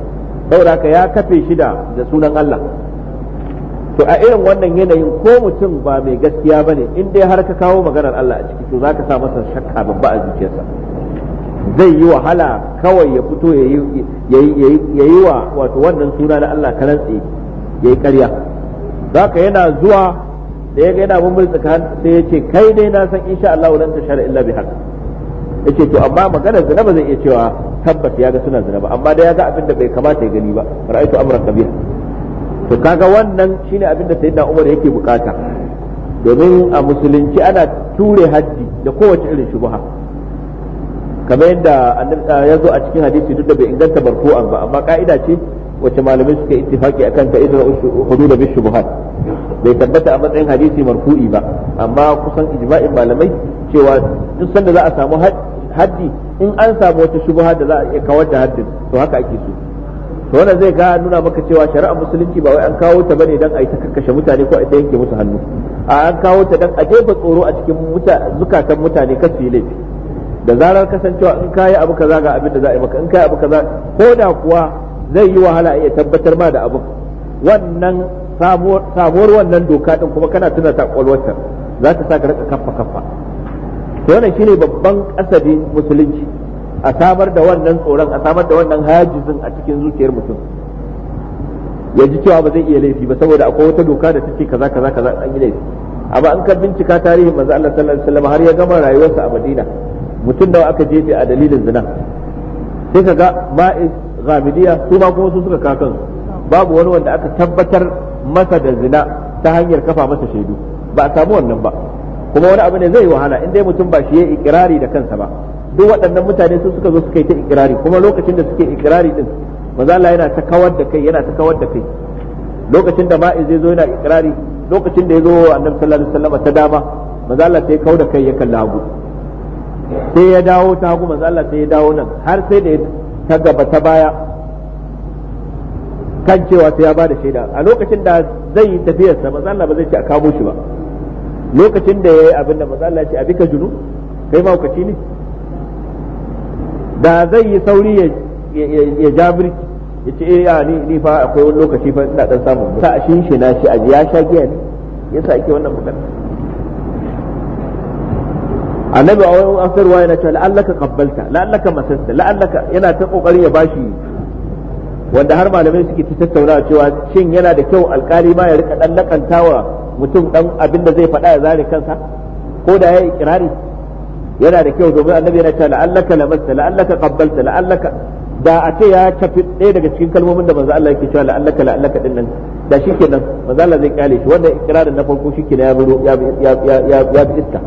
saboda haka ya kafe shi da sunan Allah to a irin wannan yanayin ko mutum ba mai gaskiya ba ne? in dai har ka kawo maganar Allah a ciki to zaka sa masa shakka babba a zuciyarsa zai yi wahala kawai ya fito ya yi wa wato wannan suna na Allah karantse ya yi karya za ka yana zuwa da ya gaida yana mulki tsakanin sai ya ce kai dai na san insha Allah wurin ta shara illa bi haka ya ce to amma maganar zina ba zai iya cewa tabbas ya ga suna zina ba amma da ya ga abin da bai kamata ya gani ba ra'aytu amran qabiha to kaga wannan shine abin da sayyidina Umar yake bukata domin a musulunci ana ture hajji da kowace irin shubha kamar yadda ah, ya zo a cikin hadisi duk da bai inganta marfu'an ba amma ka'ida ce wacce malamai suka ittifaki akan ta idan hudu da buhar bai tabbata a matsayin hadisi marfu'i ba amma kusan ijma'in malamai cewa duk sanda za a samu haddi in an samu wata shubha da za a iya kawar da haddin to haka ake so to wannan zai ga nuna maka cewa shari'ar musulunci ba wai an kawo ta bane dan a yi ta kakkashe mutane ko a ta yanke musu hannu a an kawo ta dan a jefa tsoro a cikin zukatan mutane kasu yi da zarar kasancewa in yi abu kaza ga abin da za a yi maka in yi abu kaza ko da kuwa zai yi wahala a iya tabbatar ma da abu wannan samuwar wannan doka din kuma kana tuna ta kwalwata za ta sa ka rika kaffa kaffa to wannan shine babban kasadi musulunci a samar da wannan tsoron a samar da wannan hajizin a cikin zuciyar mutum ya ji cewa ba zai iya laifi ba saboda akwai wata doka da take kaza kaza kaza an yi laifi amma an ka bincika tarihin manzo Allah sallallahu alaihi wasallam har ya gama rayuwarsa a Madina mutum da aka jefe a dalilin zina sai ka ga ma'is ghamidiyya su ma kuma su suka kakan babu wani wanda aka tabbatar masa da zina ta hanyar kafa masa shaidu ba a samu wannan ba kuma wani abu ne zai wahala in dai mutum ba shi ya ikirari da kansa ba duk waɗannan mutane su suka zo suka yi ta ikirari kuma lokacin da suke ikirari din maza Allah yana ta kawar da kai yana ta kawar da kai lokacin da ma'aik zai zo yana ikirari lokacin da ya zo annabi sallallahu alaihi wasallam ta dama maza Allah sai kawar da kai ya kalla hagu sai ya dawo ta hagu manzo Allah sai ya dawo nan har sai da ta gaba ta baya kan cewa sai ya bada shaida a lokacin da zai yi tafiyarsa sa Allah ba zai ce a kamo shi ba lokacin da yi abin da manzo Allah ce a bika junu kai maukaci ne da zai yi sauri ya ja birki ya ce eh ni ni fa akwai wani lokaci fa ina dan samu sa a shin shi na shi a ya sha giya ne yasa ake wannan magana annabi a wani akhir wa yana cewa la'allaka qabbalta la'allaka masasta la'allaka yana ta kokarin ya bashi wanda har malamai suke ta tattauna cewa shin yana da kyau alkali ma ya rika dan lakantawa mutum dan abin da zai faɗa ya zare kansa ko da ya ikirari yana da kyau domin annabi yana cewa la'allaka lamasta la'allaka qabbalta la'allaka da a ce ya tafi ɗaya daga cikin kalmomin da manzo Allah yake cewa la'allaka la'allaka din nan da shikenan manzo Allah zai kyale shi wanda ikirarin na farko shikenan ya ya ya ya iska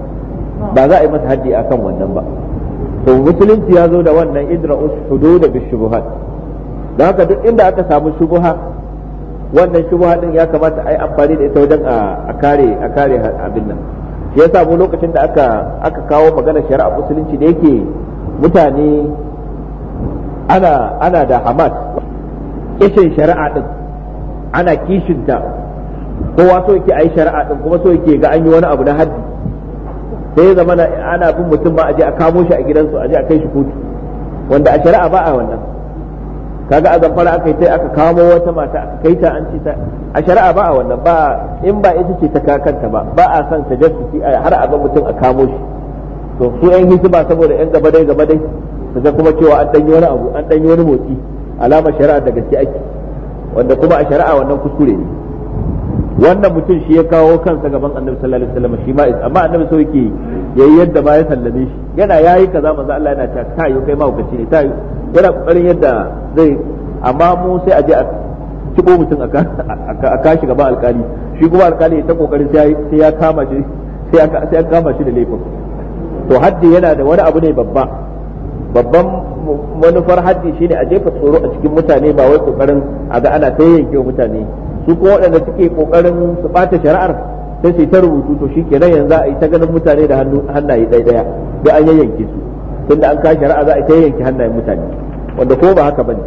ba za a yi masa haddi a kan wannan ba to musulunci ya zo da wannan idra'us hudud bi shubuhat da haka duk inda aka samu shubuha wannan shubuha din ya kamata a yi amfani da ita wajen a kare a kare abin nan shi yasa mu lokacin da aka aka kawo magana shari'a musulunci da yake mutane ana ana da hamas kishin shari'a din ana kishinta kowa so yake a yi shari'a din kuma so yake ga an yi wani abu na haddi sai ya zama ana bin mutum ba a je a kamo shi a gidansu a je a kai shi kotu wanda a shari'a ba a wannan kaga a zamfara aka yi ta aka kamo wata mata aka kai ta an ci ta a shari'a ba a wannan ba in ba ita ce ta kakanta ba ba a son ta jasusi har a ga mutum a kamo shi to su yan hisima saboda yan gaba dai gaba dai su ga kuma cewa an danyi wani abu an danyi wani motsi alamar shari'a da gaske ake wanda kuma a shari'a wannan kuskure ne wannan mutum shi ya kawo kansa gaban annabi sallallahu alaihi wasallam shi ma amma annabi sai yake yayi yadda ba ya sallame shi yana yayi kaza manzo Allah yana cewa kai kai ma hukunci ne tayi yana kokarin yadda zai amma mu sai a je a kibo mutum a kashi gaban alkali shi kuma alkali ta kokarin sai ya kama shi sai aka kama shi da laifin to haddi yana da wani abu ne babba babban manufar haddi shine a jefa tsoro a cikin mutane ba wai kokarin a ga ana ta yanke mutane duk waɗanda suke ƙoƙarin su ɓata shari'ar sai su ta rubutu to shi kenan yanzu a yi ta ganin mutane da hannaye ɗaya ɗaya da an yayyanke su tunda an ka shari'a za a ta yanke hannayen mutane wanda ko ba haka bane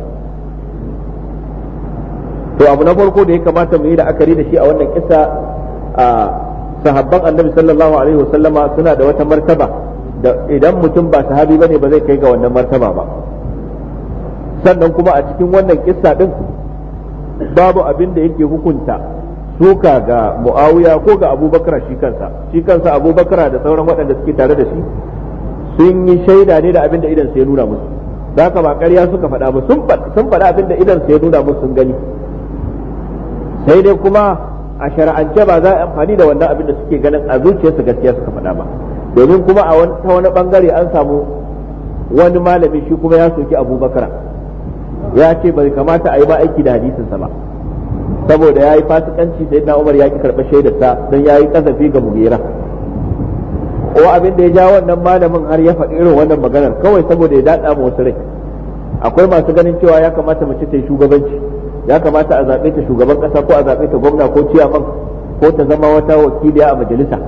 to abu na farko da ya kamata mu yi da akari da shi a wannan kisa a sahabban annabi sallallahu alaihi wasallama suna da wata martaba da idan mutum ba sahabi bane ba zai kai ga wannan martaba ba sannan kuma a cikin wannan kisa din babu abin da yake hukunta suka ga muawiya ko ga abubakar shi kansa shi kansa abubakar da sauran waɗanda suke tare da shi sun yi shaida ne da abin da idan sai nuna musu za ka ba ƙarya suka faɗa ba sun faɗa abin da idan sai nuna musu sun gani sai dai kuma a shara'ance ba za a amfani da wannan abin da suke ganin a zuciyarsu gaskiya suka faɗa ba domin kuma a ta wani bangare an samu wani malami shi kuma ya soki abubakar ya ce bai kamata a yi ba aiki da hadisin sa ba saboda ya yi fasikanci sai na umar ya ki karɓi sa don ya yi kasafi ga mugera ko abin da ya ja wannan malamin har ya faɗi irin wannan maganar kawai saboda ya daɗa ma wasu rai akwai masu ganin cewa ya kamata mace ta yi shugabanci ya kamata a zaɓe ta shugaban ƙasa ko a zaɓe ta gwamna ko ciyaman ko ta zama wata wakiliya a majalisa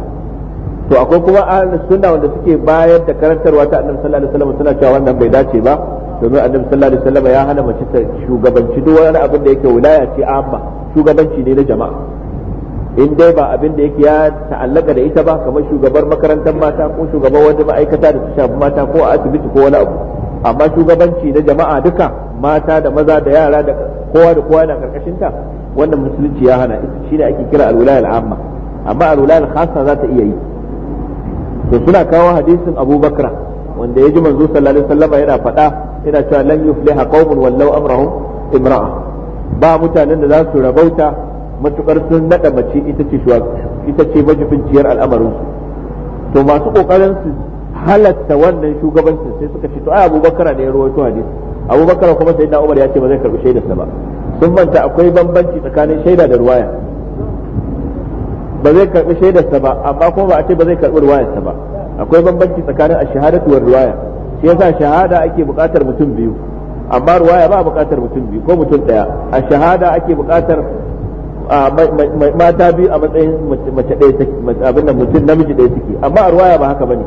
to akwai kuma ahlus sunna wanda suke bayar da karantarwa ta annabi sallallahu alaihi wasallam suna cewa wannan bai dace ba domin annabi sallallahu alaihi wasallam ya hana mace ta shugabanci duk wani abin da yake wilaya ce amma shugabanci ne na jama'a in dai ba abin da yake ya ta'allaka da ita ba kamar shugabar makarantar mata ko shugaban wani ma'aikata da ta shafi mata ko a asibiti ko wani abu amma shugabanci na jama'a duka mata da maza da yara da kowa da kowa na karkashin ta wannan musulunci ya hana ita shine ake kira alwilayah al'amma amma alwilayah al-khassa za ta iya yi to suna kawo hadisin abubakar Bakra wanda ya ji manzo sallallahu alaihi wasallam yana faɗa yana cewa lan yufliha qaumun wallau amrahum imra'a ba mutanen da za su rabauta matukar sun nada mace ita ce ita ce majibinciyar al'amarin su to masu kokarin su halatta wannan shugabancin sai suka ce to ai Abu Bakra ne ya rawaito hadisi Abu Bakra kuma da Umar ya ce ba zai karbi shaidarsa ba sun manta akwai bambanci tsakanin shaida da ruwaya ba zai karbi shaidarsa ba amma kuma ba a ce ba zai karbi ruwayarsa ba akwai bambanci tsakanin ash-shahadatu ruwaya shi yasa shahada ake buƙatar mutum biyu amma ruwaya ba buƙatar mutum biyu ko mutum daya a shahada ake buƙatar mata biyu a matsayin mace ɗaya take abinda mutum namiji ɗaya take amma a ruwaya ba haka bane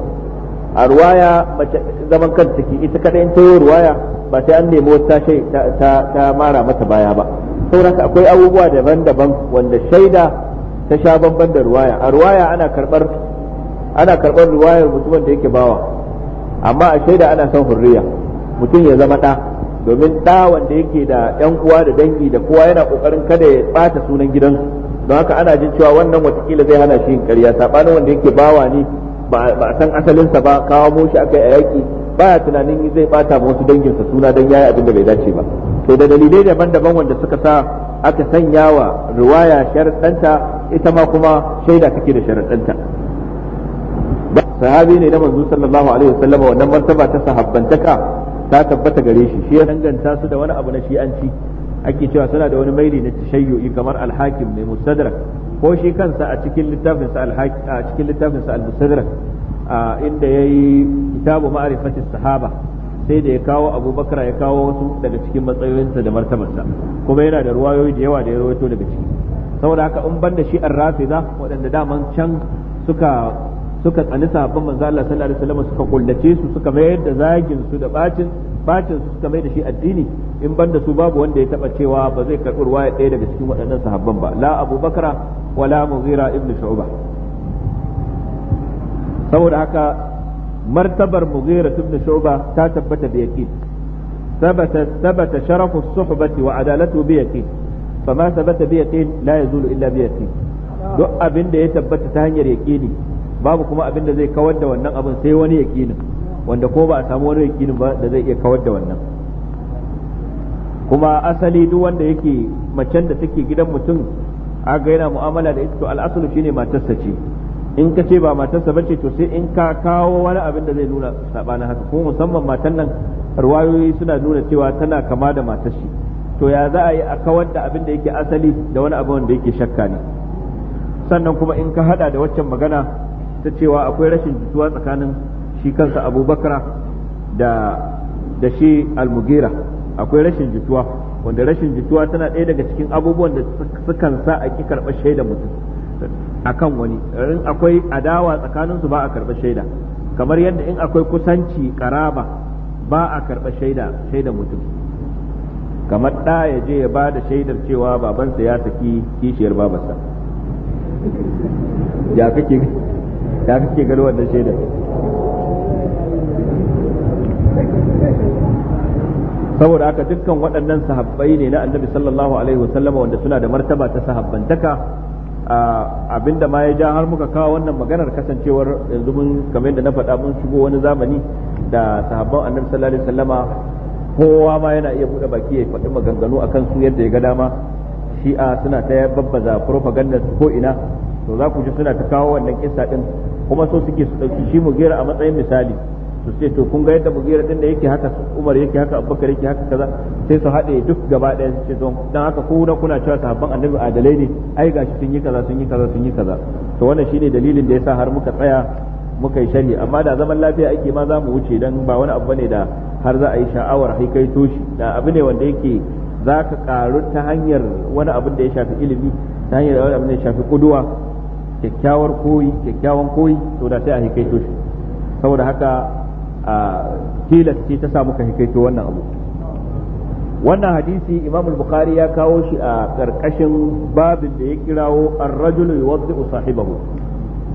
a ruwaya mace zaman kan take ita kadai in ta yi ruwaya ba sai an nemi wata ta ta mara mata baya ba saboda akwai abubuwa daban-daban wanda shaida ta sha bamban da ruwaya a ruwaya ana karbar ana karbar ruwayar mutumin da yake bawa amma a shaida ana son hurriya mutum ya zama ɗa domin ɗa wanda yake da yan uwa da dangi da kowa yana kokarin kada ya bata sunan gidan don haka ana jin cewa wannan watakila zai hana shi yin ƙarya sabanin wanda yake bawa ne ba a san asalinsa ba kawo moshi akai a yaki baya tunanin zai bata wasu danginsa suna don yayi abin da bai dace ba to da dalilai daban-daban wanda suka sa aka sanya wa riwaya sharaɗanta ita ma kuma shaida kake da sharaɗanta sahabi ne na manzo sallallahu alaihi wasallam wannan martaba ta sahabbantaka ta tabbata gare shi shi ya danganta su da wani abu na shi'anci ake cewa suna da wani maili na tashayyu'i kamar al-hakim mai mustadrak ko shi kansa a cikin littafin sa a cikin littafin sa al-mustadrak inda yayi kitabu ma'rifati sahaba sai da ya kawo abubakar ya kawo wasu daga cikin matsayoyinsa da martabarsa kuma yana da ruwayoyi da yawa da ya rawaito daga ciki saboda haka in banda shi an rafiza waɗanda daman can suka suka tsani sahabban manzo Allah sallallahu alaihi wasallam suka kullace su suka mayar da zagin su da bacin bacin su suka mai da shi addini in banda su babu wanda ya taba cewa ba zai karɓi ruwaya ɗaya daga cikin waɗannan sahabban ba la Abu wala Mughira ibnu Shu'ba saboda haka martabar mughira ibn shuba ta tabbata bi yaqin ثبت ثبت شرف الصحبة وعدالته بيقين فما ثبت la yazulu illa إلا بيقين duk abin da ya tabbata ta hanyar ne babu kuma abin da zai kawar da wannan abin sai wani yaƙinin wanda ko ba a samu wani yaƙinin ba da zai iya kawar da wannan kuma asali duk wanda yake macen da take gidan mutum a ga yana mu'amala da ita to al'asulu shine matarsa ce in ka ce ba matarsa bace to sai in ka kawo wani abin da zai nuna sabanin haka kuma musamman matan nan ruwayoyi suna nuna cewa tana kama da matar shi to ya za a yi a kawar da abin da yake asali da wani abin da yake shakka ne sannan kuma in ka hada da waccan magana ta cewa akwai rashin jituwa tsakanin shi kansa abubakar da shi almugira akwai rashin jituwa wanda rashin jituwa tana ɗaya daga cikin abubuwan da sukan sa a ki karɓar shaidar mutum akan wani in akwai adawa tsakaninsu ba a karba shaida kamar yadda in akwai kusanci karaba ba a karba shaida shaida mutum kamar ɗa ya je ya ba da shaidar cewa babansa ya saki kishiyar babarsa ya kake ya kake gani wannan shaidar saboda haka dukkan waɗannan sahabbai ne na annabi sallallahu alaihi wasallama wanda suna da martaba ta sahabbantaka abinda ma ya ja har muka kawo wannan maganar kasancewar yanzu mun kamar yadda na faɗa mun shigo wani zamani da sahabban annabi sallallahu alaihi wasallama kowa ma yana iya bude baki ya faɗi maganganu akan su yadda ya ga dama shi'a suna ta babbaza propaganda ko ina to za ku ji suna ta kawo wannan kissa din kuma so suke su ɗauki shi mu gera a matsayin misali su ce to kun ga yadda mugira din da yake haka Umar yake haka Abubakar yake haka kaza sai su haɗe duk gaba ɗaya su ce to dan haka ku na kuna cewa sahabban annabi adalai ne ai gashi sun yi kaza sun yi kaza sun yi kaza to wannan shine dalilin da yasa har muka tsaya muka yi sharhi amma da zaman lafiya ake ma za mu wuce dan ba wani abu bane da har za a yi sha'awar haikaito shi da abu ne wanda yake za ka karu ta hanyar wani abu da ya shafi ilimi ta hanyar wani abu da ya shafi kuduwa kyakkyawar koyi kyakkyawan koyi to da sai a haikaito shi saboda haka a tilas ta sa muka hikaito wannan abu wannan hadisi imam bukhari ya kawo shi a karkashin babin da ya kirawo ar-rajulu yuwaddi'u sahibahu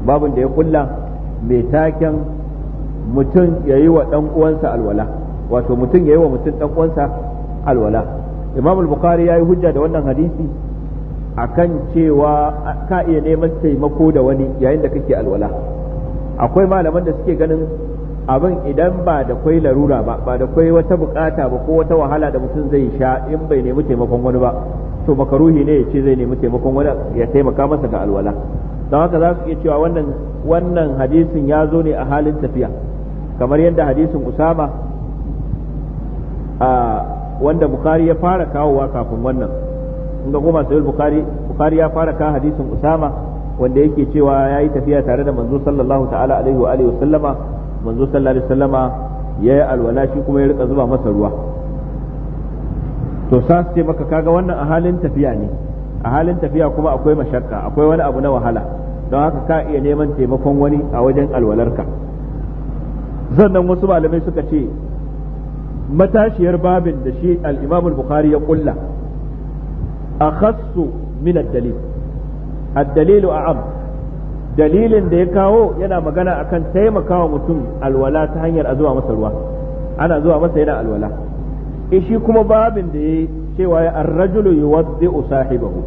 babin da ya kulla mai taken mutum yayi wa dan uwansa alwala wato mutum yayi wa mutum dan uwansa alwala imam al ya yi hujja da wannan hadisi akan cewa ka iya neman taimako da wani yayin da kake alwala akwai malaman da suke ganin abin idan ba da kwai larura ba ba da kwai wata bukata ba ko wata wahala da mutum zai sha in bai nemi taimakon wani ba to makaruhi ne ya ce zai nemi taimakon wani ya taimaka masa ga alwala don haka za su iya cewa wannan wannan hadisin ya zo ne a halin tafiya kamar yadda hadisin usama a wanda bukari ya fara kawowa kafin wannan in ga goma sayul bukari bukari ya fara kawo hadisin usama wanda yake cewa ya yi tafiya tare da manzo sallallahu ta'ala alaihi wa alihi wa sallama manzo sallallahu alaihi wasallama yayi alwala shi kuma ya rika zuba masa ruwa to sa ce maka kaga wannan a halin tafiya ne a halin tafiya kuma akwai mashakka akwai wani abu na wahala don haka ka iya neman taimakon wani a wajen alwalarka sannan wasu malamai suka ce matashiyar babin da shi al-imam al-bukhari ya kulla akhassu min ad-dalil ad-dalilu a'am dalilin da ya kawo yana magana akan taimakawa mutum alwala ta hanyar a zuwa masa ruwa ana zuwa masa yana alwala eh, shi kuma babin da ya cewa ya arrajulu yuwaddi'u sahibahu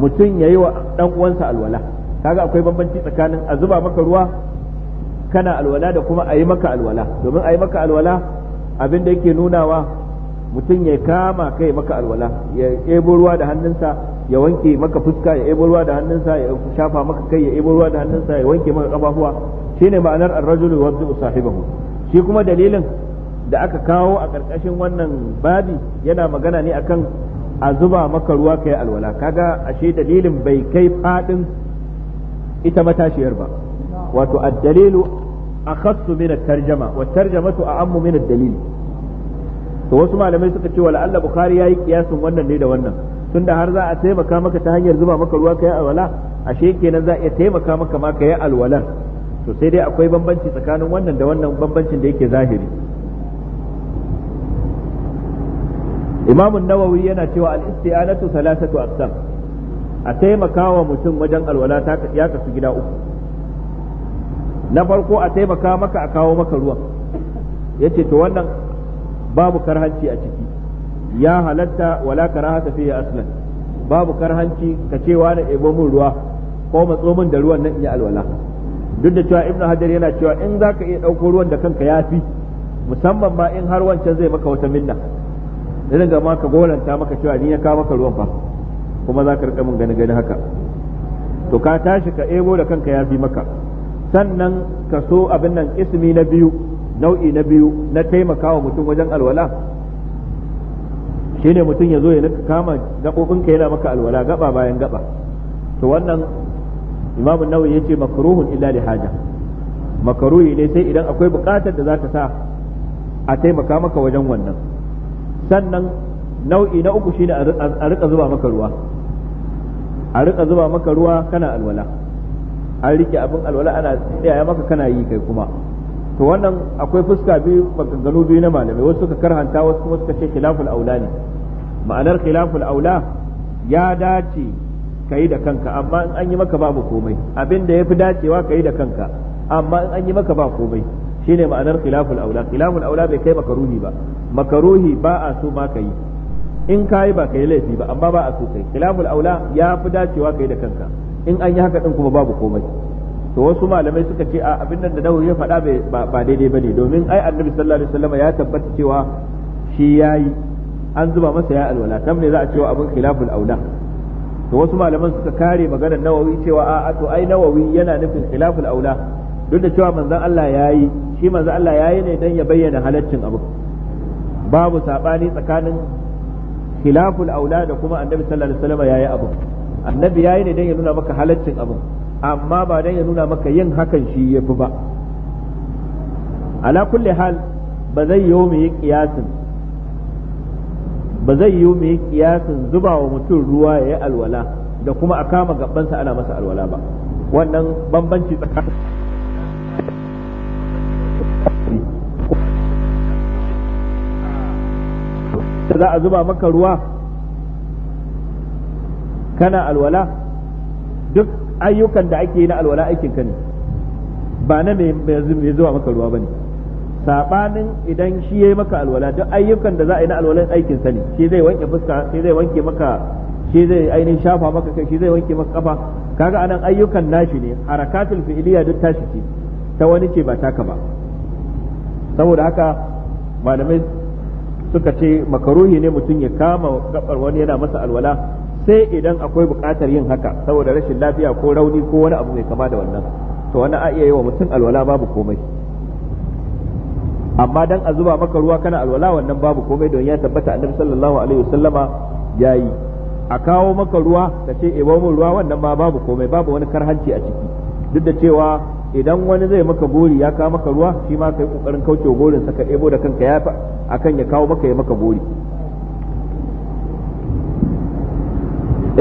mutum yayi wa dan uwansa alwala kaga akwai bambanci tsakanin a zuba maka ruwa kana alwala da kuma a yi maka alwala domin a yi maka alwala abin da yake nunawa mutum ya kama kai maka alwala ya ebo ruwa da hannunsa ya wanke maka fuska ya ebo ruwa da hannunsa ya shafa maka kai ya ebo ruwa da hannunsa ya wanke maka kafafuwa shine ma'anar ar-rajulu yuwaddu sahibahu shi kuma dalilin da aka kawo a ƙarƙashin wannan babi yana magana ne akan a zuba maka ruwa kai alwala kaga ashe dalilin bai kai fadin ita matashiyar ba wato ad-dalilu akhassu min at-tarjama wat tarjamatu a'ammu min ad-dalil to wasu malamai suka ce wala'alla bukhari yayi kiyasin wannan ne da wannan tunda har za a taimaka maka ta hanyar zuba maka ruwa kai alwala ashe kenan za a taimaka maka ma kai alwalar to sai dai akwai bambanci tsakanin wannan da wannan bambancin da yake zahiri imamun nawawi yana cewa al-isti'anatu thalathatu aqsam a taimaka wa mutum wajen alwala ya kasu gida uku na farko a taimaka maka a kawo maka ruwan yace to wannan babu karhanci a ciki ya halatta wala karahata fihi aslan babu karhanci ka ce wani ebo mun ruwa ko matso mun da ruwan nan in alwala duk da cewa ibnu hajar yana cewa in zaka iya dauko ruwan da kanka yafi musamman ma in har wancan zai maka wata minna irin ga maka golanta maka cewa ni ya ka maka ruwan fa kuma za ka rika mun gani gani haka to ka tashi ka ebo da kanka yafi maka sannan ka so abin nan ismi na biyu nau'i na biyu na taimakawa mutum wajen alwala shine mutum ya zo ya kama ka yana maka alwala gaba bayan gaba to wannan imamu nawawi ce makaruhun illa li haja makaruhi ne sai idan akwai buƙatar da za ta sa a taimaka maka wajen wannan sannan nau'i na uku shine a rika zuba maka ruwa a rika zuba maka ruwa kana alwala an rike abin alwala ana tsaya maka kana yi kai kuma to wannan akwai fuska biyu maganganu biyu na malamai wasu suka karhanta wasu kuma suka ce khilaful aula ne ma'anar khilaful aula ya dace ka yi da kanka amma in an yi maka babu komai abin da ya fi dacewa ka yi da kanka amma in an yi maka ba komai shine ma'anar khilaful aula khilaful aula bai kai makaruhi ba makaruhi ba a so ma ka yi in ka yi ba ka yi laifi ba amma ba a so kai khilaful aula ya fi dacewa ka yi da kanka in an yi haka din kuma babu komai to wasu malamai suka ce a abin da nawawi ya faɗa ba daidai bane domin ai annabi sallallahu alaihi wasallam ya tabbata cewa shi yayi an zuba masa ya alwala tam ne za a cewa abin khilaful aula to wasu malaman suka kare maganar nawawi cewa a to ai nawawi yana nufin khilaful aula duk da cewa manzon Allah yayi shi manzon Allah yayi ne dan ya bayyana halaccin abu babu sabani tsakanin khilaful aula da kuma annabi sallallahu alaihi wasallam yayi abu annabi yayi ne dan ya nuna maka halaccin abu amma ba dan ya nuna maka yin hakan shi yafi ba ala kulli hal ba zai yi mu yi kiyasin ba zai yi mu yi kiyasin zuba wa mutum ruwa ya yi alwala da kuma a kama gabansa ana masa alwala ba wannan bambanci tsakanin za a zuba maka ruwa kana alwala duk ayyukan da ake yi na alwala aikin ka ne ba na mai zuwa maka ruwa ba ne sabanin idan shi yayi maka alwala duk ayyukan da za a yi na alwalan aikin sa ne shi zai wanke fuska shi zai wanke maka shi zai ainihin shafa maka kai shi zai wanke maka kafa kaga anan ayyukan nashi ne harakatul fi'liya duk tashi ce ta wani ce ba taka ba saboda haka malamai suka ce makaruhi ne mutum ya kama gabar wani yana masa alwala sai idan akwai buƙatar yin haka saboda rashin lafiya ko rauni ko wani abu mai kama da wannan to wani a iya yi wa mutum alwala babu komai amma dan a zuba maka ruwa kana alwala wannan babu komai don ya tabbata annabi sallallahu alaihi wasallama yayi a kawo maka ruwa ka ce e babu ruwa wannan ma babu komai babu wani karhanci a ciki duk da cewa idan wani zai maka gori ya kawo maka ruwa shi ma kai kokarin kaucewa gorin sa ka ebo da kanka ya akan ya kawo maka ya maka gori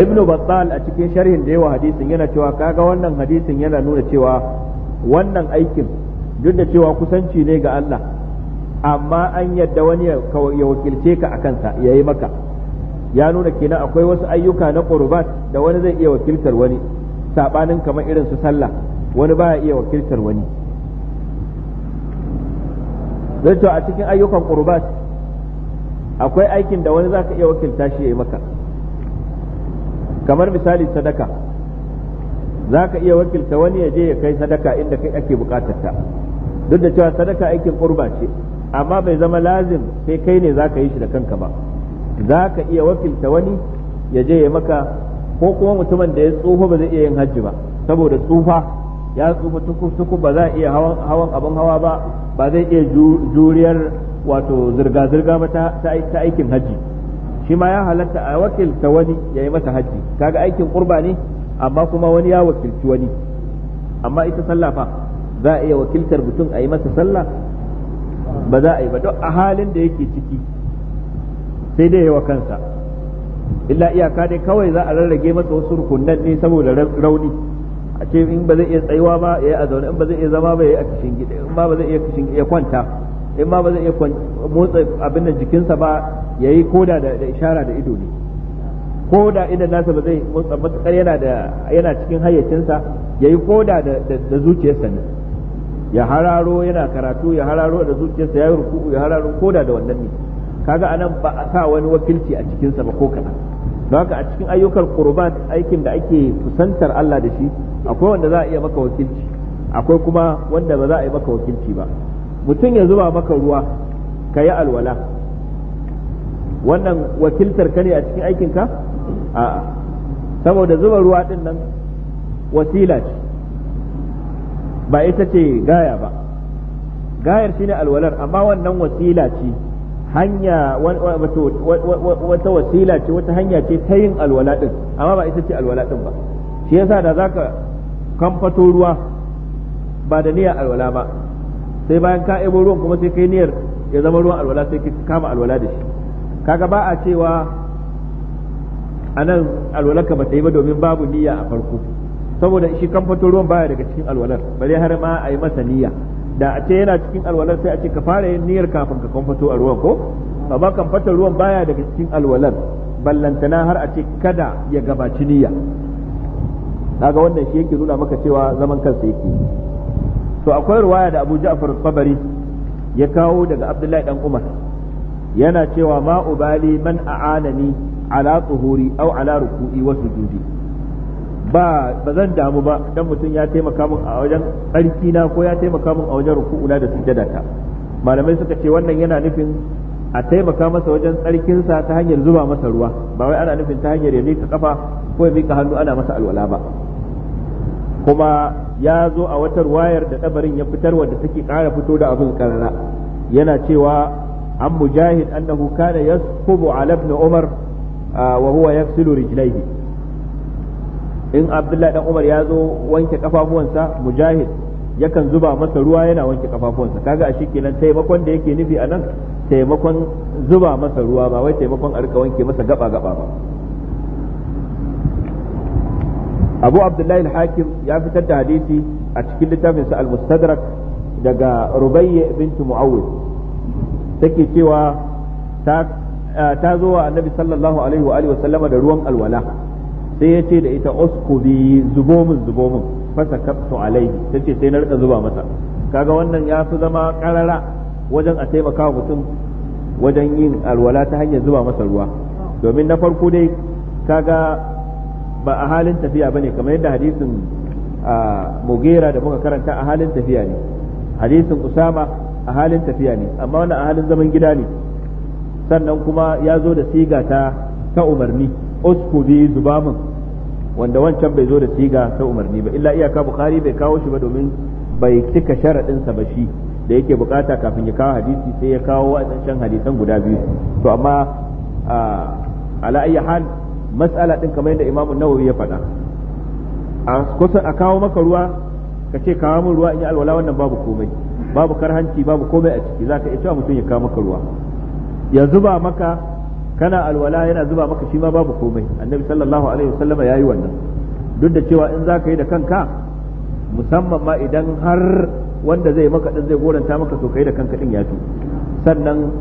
ibnu battal a cikin sharhin da yawa hadisin yana cewa kaga wannan hadisin yana nuna cewa wannan aikin duk da cewa kusanci ne ga Allah amma an yadda wani ya wakilce ka a kansa ya yi maka ya nuna kenan akwai wasu ayyuka na qurbat da wani zai iya wakiltar wani sabanin kamar irin su sallah wani baya iya wakiltar wani zai a cikin ayyukan qurbat akwai aikin da wani zaka iya wakilta shi ya yi maka kamar misali sadaka za ka iya wakilta wani ya je ya kai sadaka inda kai ake ta duk da cewa sadaka aikin kurba ce amma bai zama lazim sai kai ne za ka yi shi da kanka ba za ka iya wakilta wani ya je ya maka ko kuma mutumin da ya tsufa ba zai iya yin hajji ba saboda tsufa ya tsufa tukun ba za a iya hawan abin hawa ba ba zai iya juriyar wato zirga-zirga ba ta aikin hajji shi ma ya halatta a wakilta wani ya yi mata hajji kaga aikin qurba ne amma kuma wani ya wakilci wani amma ita sallah fa za a iya wakiltar mutum a yi masa sallah ba za a yi ba duk a halin da yake ciki sai dai yawa kansa illa iyaka dai kawai za a rarrage masa wasu rukunan ne saboda rauni a ce in ba zai iya tsayuwa ba ya yi a zaune in ba zai iya zama ba ya yi a kishin gida in ba ba zai iya kishin ya kwanta in ma ba zai iya motsa abin da jikinsa ba ya yi koda da ishara da ido ne koda idan nasa ba zai motsa matakar yana da yana cikin hayyacinsa ya yi koda da zuciyarsa ne ya hararo yana karatu ya hararo da zuciyarsa ya yi ruku'u ya hararo koda da wannan ne kaga anan ba a sa wani wakilci a cikinsa ba ko kaɗan don haka a cikin ayyukan qurban aikin da ake kusantar Allah da shi akwai wanda za a iya maka wakilci akwai kuma wanda ba za a yi maka wakilci ba mutum ya zuba maka ruwa ka yi alwala wannan wakiltar ka ne a cikin aikinka a'a saboda zuba ruwa din nan wasila ce ba ita ce gaya ba gayar shine alwalar amma wannan wasila ce hanya wata wasila ce wata hanya ce ta yin alwala din amma ba ita ce alwala din ba shi yasa da zaka kamfato ruwa ba da niyyar alwala ba sai bayan ka ebo ruwan kuma sai kai niyyar ya zama ruwan alwala sai ka kama alwala da shi kaga ba a cewa anan alwalarka ba ta yi ba domin babu niyya a farko saboda shi kamfato ruwan baya daga cikin alwalar bare har ma a yi masa niyya da a ce yana cikin alwalar sai a ce ka fara yin niyyar kafin ka kamfato a ruwan ko amma fata ruwan baya daga cikin alwalar ballantana har a ce kada ya gabaci niyya kaga wannan shi yake nuna maka cewa zaman kansa yake to akwai ruwaya da Abu Ja'far Tabari ya kawo daga Abdullahi dan Umar yana cewa ma ubali man a'anani ala tuhuri aw ala ruku'i wa sujudi ba ba zan damu ba dan mutum ya taimaka min a wajen tsarki na ko ya taimaka min a wajen da ta malamai suka ce wannan yana nufin a taimaka masa wajen tsarkinsa ta hanyar zuba masa ruwa ba wai ana nufin ta hanyar ya mika kafa ko ya mika hannu ana masa alwala ba kuma ya zo a watar wayar da ɗabarin ya fitar wadda take kara fito da abin karara yana cewa an mujahid annahu kana yasqubu ala ibn umar wa huwa yaghsilu rijlaihi in abdullahi dan umar ya zo wanke kafafuwansa mujahid yakan zuba masa ruwa yana wanke kafafuwansa kaga a kenan taimakon da yake nufi anan taimakon zuba masa ruwa ba wai taimakon a rika wanke masa gaba gaba ba abu abdullahi al-hakim ya fitar da hadisi a cikin sa al-mustadrak daga rubayya bintu mu'awwid take cewa ta eh, ta zo wa annabi sallallahu alaihi wa alihi da ruwan alwala sai ya ce da ita uskubi zubo min zubo min fasa alaihi tace sai na rika zuba masa kaga wannan ya fi zama karara wajen a taimaka mutum wajen yin alwala ta hanyar zuba masa ruwa domin na farko dai kaga ba a halin tafiya bane kamar yadda hadisin mugera da muka karanta a halin tafiya ne hadisin usama a halin tafiya ne amma wannan a halin zaman gida ne sannan kuma ya zo da siga ta ta umarni usku bi wanda wancan bai zo da siga ta umarni ba illa iyaka bukhari bai kawo shi ba domin bai cika sharaɗin sa ba shi da yake bukata kafin ya kawo hadisi sai ya kawo shan hadisan guda biyu to amma ala ayyi hal Matsala ɗin kamar yadda imamu nawawi ya faɗa a kusa a kawo maka ruwa ka ce kawo min ruwa in yi alwala wannan babu komai babu karhanci babu komai a ciki zaka iya cewa mutum ya kawo maka ruwa ya zuba maka kana alwala yana zuba maka shi ma babu komai annabi sallallahu alaihi wasallama yayi wannan duk da cewa in zaka yi da kanka musamman ma idan har wanda zai maka din zai goranta maka to kai da kanka din ya tu sannan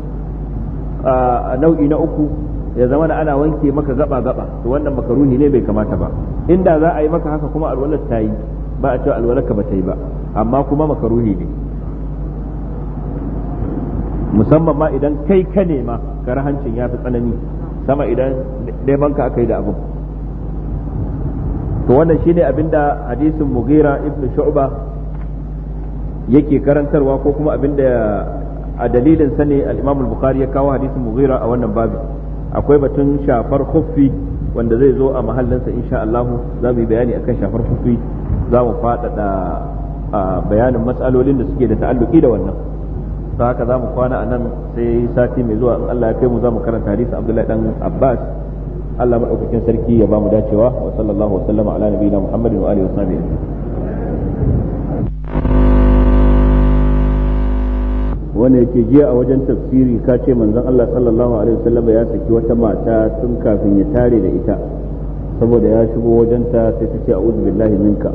nau'i na uku ya zama da ana wanke maka gaba gaba to wannan makaruni ne bai kamata ba inda za a yi maka haka kuma alwalar ta yi ba a cewa ka ba ta yi ba amma kuma makaruni ne musamman ma idan kai ka nema ka hancin ya fi tsanani sama idan neman ka aka yi da abu. to wannan shine abinda hadisin mugira ibn shu'ba yake karantarwa ko kuma abinda a dalilin sa ne al-imam al-bukhari ya kawo hadisin mugira a wannan babu akwai batun shafar kufi wanda zai zo a mahallinsa insha Allah za mu yi bayani akan shafar khuffi za mu faɗaɗa bayanin matsalolin da suke da ta'alluki da wannan ta haka za mu kwana a nan sai sati mai zuwa in Allah ya kai mu za mu karanta hadisi Abdullahi dan Abbas Allah madaukakin sarki ya ba mu dacewa wa sallallahu wa sallama ala nabiyina Muhammadin wa alihi wa sahbihi wanda yake jiya a wajen tafsiri ka ce manzon Allah sallallahu alaihi wasallam ya saki wata mata tun kafin ya tare da ita saboda ya shigo wajenta sai ta ce a'udhu billahi minka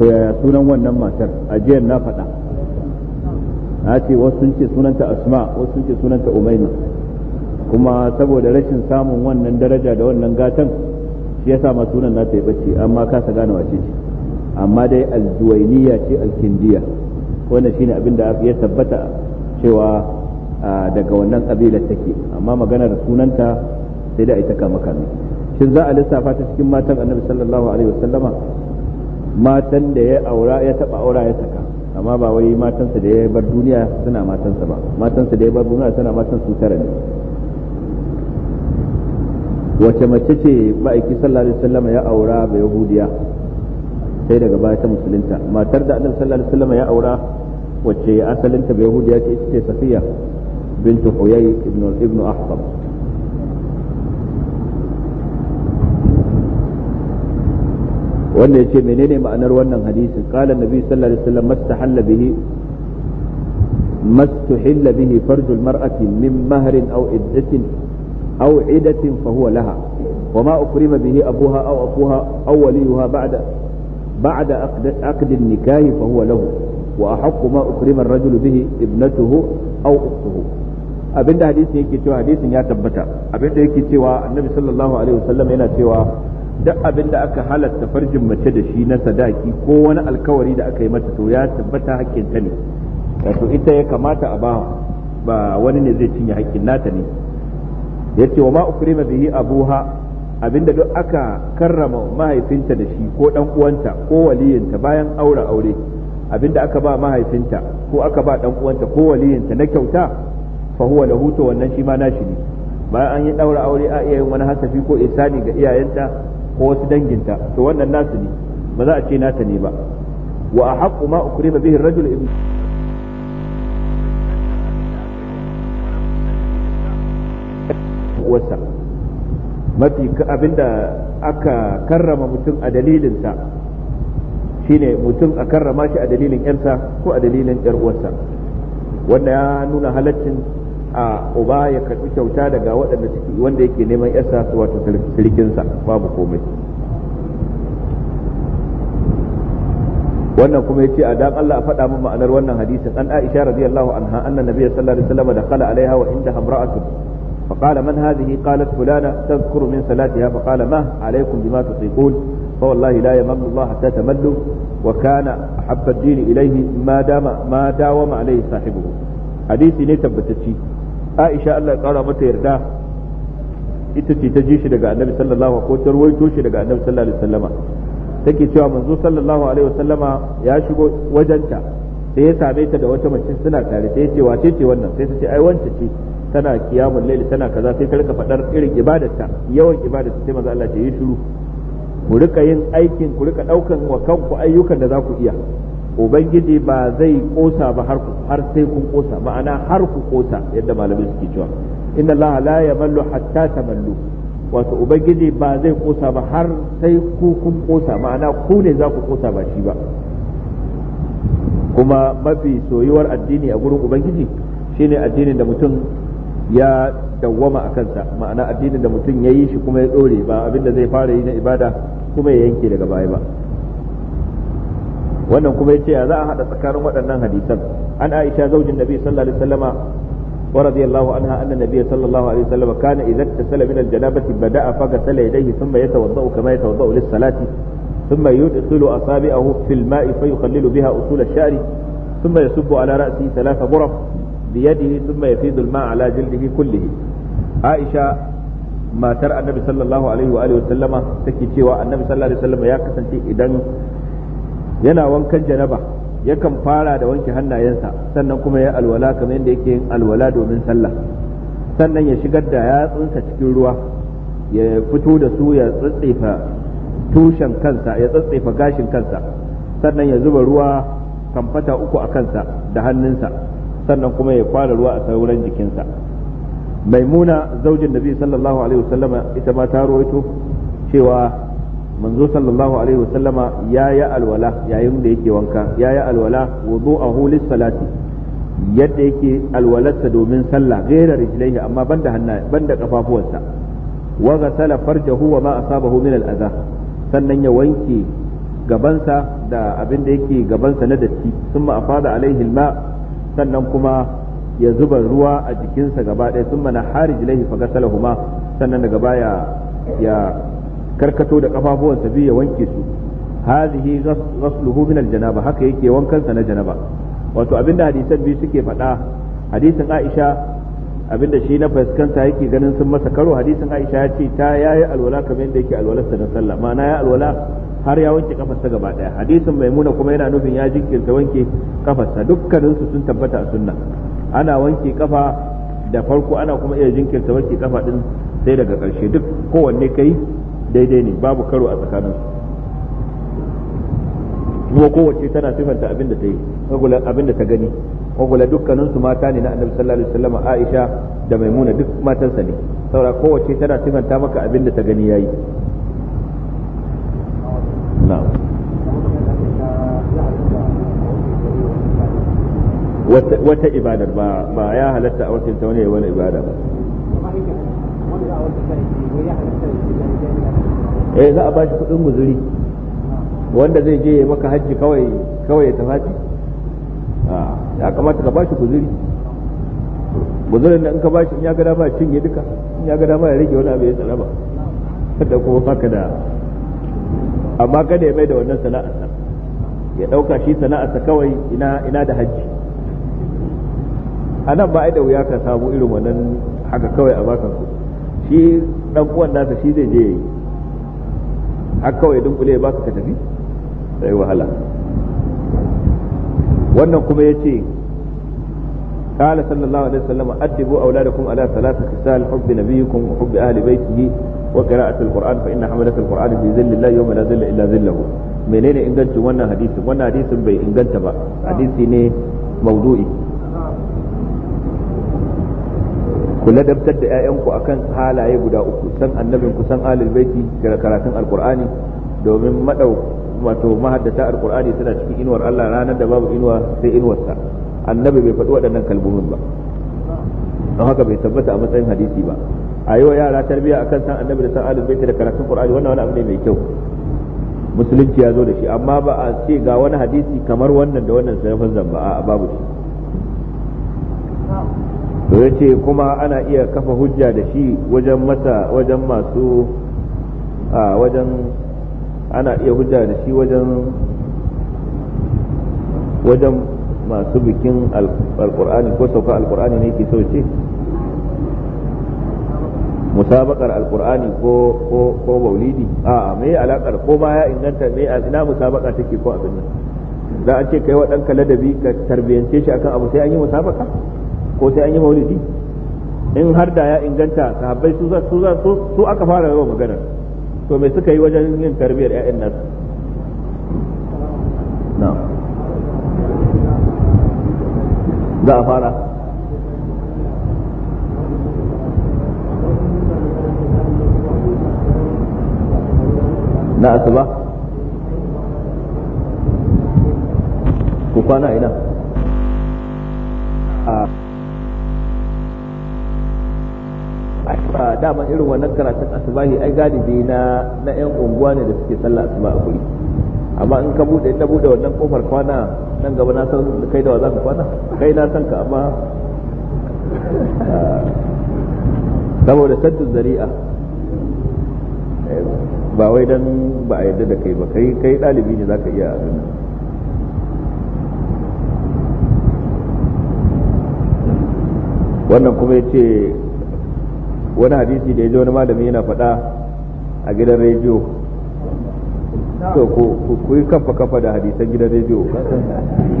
to yaya sunan wannan matar a jiya na faɗa a ce wasu sun ce sunanta asma wasu sun ce sunanta umaima kuma saboda rashin samun wannan daraja da wannan gatan shi yasa ma sunan ta yi bacci amma kasa gane wace ce amma dai aljuwainiya ce alkindiya wannan shine abin da ya tabbata cewa daga wannan kabilar take amma maganar sunanta sai da ita kama kame shin za a lissafa ta cikin matan annabi sallallahu alaihi wasallama matan da ya aura ya taba aura ya saka amma ba wai matansa da ya bar duniya suna matansa ba matansa da ya bar duniya suna matan su tara ne wace mace ce ma'aiki sallallahu alaihi wasallama ya aura ba yahudiya sai daga baya ta musulunta matar da annabi sallallahu alaihi wasallam ya aura wacce asalinta bai yahudiya ce ita ce safiya bintu huyay ibn ibn ahsab wanda yace menene ma'anar wannan hadisi qala annabi sallallahu alaihi wasallam mastahalla bihi mastuhilla bihi farjul mar'ati min mahrin aw iddatin aw idatin fa huwa laha ma أكرم به أبوها أو أخوها أو وليها بعد بعد عقد, عقد النكاح فهو له وأحق ما أكرم الرجل به ابنته أو أخته abinda hadisin yake cewa hadisin ya tabbata abinda yake cewa annabi sallallahu alaihi wasallam yana cewa duk abinda aka halatta farjin mace da shi na sadaki ko wani alkawari da aka yi mata to ya tabbata hakkin ta ne wato ita ya kamata a ba ba wani ne zai cinye hakkin nata ne yace wa ma ukrima bihi abuha abinda duk aka karrama mahaifinta da shi ko dan uwanta ko waliyinta bayan aure aure abinda aka ba mahaifinta ko aka ba dan uwanta ko waliyinta na kyauta fa huwa lahu to wannan shi ma nashi ne bayan an yi daura aure a iyayen wani hasafi ko isani ga iyayenta ko wasu danginta to wannan nasu ne ba za a ce nata ne ba wa ahqqu ma ukrima bihi ar-rajul ibn wasa mafi da aka karrama mutum a dalilinsa shine mutum a karrama shi a dalilin yarsa ko a dalilin yar uwarsa wanda ya nuna halaccin a uba ya karbi kyauta daga waɗanda suke wanda yake neman yarsa su wato sirkinsa babu komai wannan kuma ya ce a dan Allah a faɗa min ma'anar wannan hadisin an Aisha radiyallahu anha anna nabiyyu sallallahu alaihi wasallam dakhala alaiha wa inda hamra'atun فقال من هذه قالت فلانة تذكر من صلاتها فقال ما عليكم بما تطيقون فوالله لا يمل الله حتى تملوا وكان أحب الدين إليه ما دام ما داوم عليه صاحبه حديثي ne tabbatacci Aisha Allah ya kara mata yarda ita ce ta ji shi daga Annabi sallallahu ko ta ruwaito shi daga Annabi sallallahu alaihi wasallama take cewa manzo sallallahu alaihi wasallama ya shigo wajenta sai ya same ta da wata mace suna tare sai ya ce wace ce wannan sai ta ce ai wance ce tana kiyamun laili tana kaza sai ka rika fadar irin ibadarta yawan ibadarta sai manzo Allah ce yi shiru ku rika yin aikin ku rika daukan wa kanku ayyukan da za ku iya ubangiji ba zai kosa ba har har sai kun kosa ma'ana har ku kosa yadda malamai suke cewa inna allaha la yamallu hatta tamallu wato ubangiji ba zai kosa ba har sai ku kun kosa ma'ana ku ne za ku kosa ba shi ba kuma mafi soyuwar addini a gurin ubangiji shine addinin da mutum ya dawwama a kansa ma'ana addinin da mutum ya yi shi kuma ya dore ba abin da zai fara yi na ibada kuma ya yanke daga baya ba wannan kuma ya ce ya za a haɗa tsakanin waɗannan hadisan an Aisha zaujin Nabi sallallahu alaihi wasallama wa radiyallahu anha anna Nabi sallallahu alaihi wasallam kana idza ittasala min al-janabati bada'a faghsala yadayhi thumma yatawaddau kama yatawaddau lis-salati thumma yudkhilu asabi'ahu fil ma'i fayukhallilu biha usul ash-sha'ri thumma yasubbu ala ra'sihi thalatha buraf biyadihi thumma ya al-ma'a ala jildihi kullihi Aisha matar Annabi sallallahu alaihi wa alihi take cewa Annabi sallallahu alaihi wasallama ya kasance idan yana wankan janaba yakan fara da wanke hannayensa sannan kuma ya alwala kamar yadda yake yin alwala domin sallah sannan ya shigar da yatsunsa cikin ruwa ya fito da su ya tsatsefa tushen kansa ya tsatsefa gashin kansa sannan ya zuba ruwa kamfata uku a kansa da hannunsa sannan kuma ya fara ruwa a sauran jikinsa maimuna zaujin nabi sallallahu alaihi wasallama ita ma ta ruwaito cewa manzo sallallahu alaihi wasallama ya yi alwala yayin da yake wanka ya yi alwala a lis salati yadda yake alwalarsa domin sallah gairar rijilai amma banda hannaye banda kafafuwansa wa ghasala farjahu wa ma asabahu min al sannan ya wanke gabansa da abin da yake gabansa na datti summa afada alaihi al-ma' sannan kuma ya zuba ruwa a jikinsa gaba ɗaya sun mana harij laihi faga salahuma sannan daga baya ya karkato da kafafuwansa biyu ya wanke su hadhihi ghasluhu min aljanaba haka yake wankansa na janaba wato abinda hadisan biyu suke faɗa hadisin Aisha abinda shi na fuskanta yake ganin sun masa karo hadisin Aisha ya ce ta yayi alwala kamar yadda yake alwalarsa na sallah ma'ana ya alwala har ya wanke kafarsa gaba daya hadisin maimuna kuma yana nufin ya jinkirta wanke kafarsa dukkanin su sun tabbata a sunna ana wanke kafa da farko ana kuma iya jinkirta wanke kafa din sai daga karshe duk kowanne kai daidai ne babu karo a tsakanin su kuma kowace tana sifanta abinda ta yi abin da ta gani ugula dukkanin su mata ne na annabi sallallahu alaihi wasallam Aisha da Maimuna duk matansa ne saura kowace tana tiganta maka abin da ta gani yayi na'am wata ibadar ba ba ya halatta a ta wani wani ibada ba eh za a ba shi kudin guzuri wanda zai je maka hajji kawai kawai ya tafi a ya kamata ka bashi guzuri guzurin da in ka bashi in ya ga dama cinye duka in ya gada ba ya rage wani abu ya tsara ba da kuma haka da amma kada ya mai da wannan sana'arsa ya dauka shi sana'arsa kawai ina ina da hajji a nan ba ai da wuya ka samu irin wannan haka kawai a bakan su shi dan uwan nasa shi zai je yi har kawai dunkule ya baka ka tafi sai wahala wannan kuma yace قال صلى الله عليه وسلم أدبوا أولادكم على ثلاث خصال حب نبيكم وحب أهل بيته وقراءة القرآن فإن حملة القرآن في ذل الله يوم لا ذل إلا ذله منين إنجنت وانا حديث وانا حديث بي إنجنت با حديث ني موضوعي kula dabtar da ‘ya'yanku a kan halaye guda uku san annabinku san alil baiti karatun alkur'ani domin wato mahaddata alqur'ani suna cikin inuwar Allah ranar da babu inuwa sai inuwar inuwarsa annabi bai faɗi waɗannan kalmomin ba don haka bai tabbata a matsayin hadisi ba a yi wa yara tarbiyya akan san annabi da san alif baiti da karatun qur'ani wannan wani abu ne mai kyau musulunci ya zo da shi amma ba a ce ga wani hadisi kamar wannan da wannan sarrafin zamba a babu shi to yace kuma ana iya kafa hujja da shi wajen mata wajen masu a wajen ana iya hujja da shi wajen wajen masu bikin alkur'ani ko sauka alkur'ani ne ke so ce musabakar alkur'ani ko baulidi? maulidi a me alakar ko ba ya inganta me a ina musabaka take ko abin nan za a ce kai wa ɗanka ladabi ka tarbiyance shi akan abu sai an yi musabaka ko sai an yi maulidi in har da ya inganta sahabbai su su su aka fara yawan maganar to me suka yi wajen yin tarbiyyar ƴaƴan nasu na'am za a fara na asuba ku kwana ina dama irin wannan karatun asubahi ai galibi na na yan unguwa ne da suke sallah asuba a guri amma in ka bude ta bude wannan kofar kwana nan gaba na san kai da wa za ka kwana kai na san ka amma ah, saboda saddu zari'a ba wai dan ba a yarda da kai ba kai kai dalibi ne zaka iya abin wannan kuma yace wani hadisi da ya ji wani malami yana faɗa a gidan rediyo
to ku
yi kafa kafa da hadisan gidan rediyo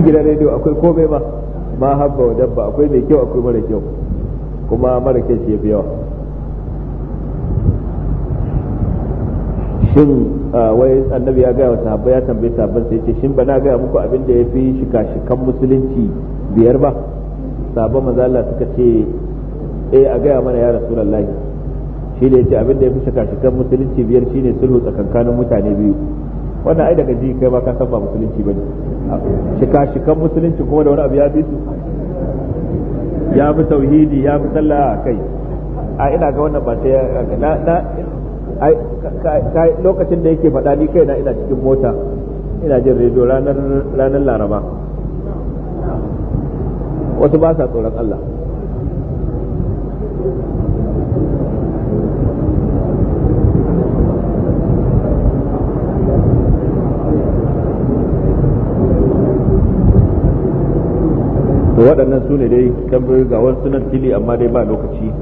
gidan rediyo akwai komai ba ma habba wa dabba akwai mai kyau akwai mara kyau kuma mara kyau shi fi yawa shin wai annabi ya gaya wa sahabbai ya tambaye sahabban sai ce shin ba na gaya muku abin da ya fi shika-shikan musulunci biyar ba sahabban manzo Allah suka ce eh a gaya mana ya rasulullahi shi ne yace abin da yafi shaka shakan musulunci biyar shine sulhu tsakankanin mutane biyu wannan ai daga ji kai ba ka san ba musulunci bane shika shikan musulunci kuma da wani abu ya bi su ya fi tauhidi ya fi sallah kai a ina ga wannan ba sai na na lokacin da yake faɗa ni kai na ina cikin mota ina jin rediyo ranar laraba wasu ba sa tsoron Allah waɗannan su ne dai tambayoyi ga wasu nan fili amma dai ba lokaci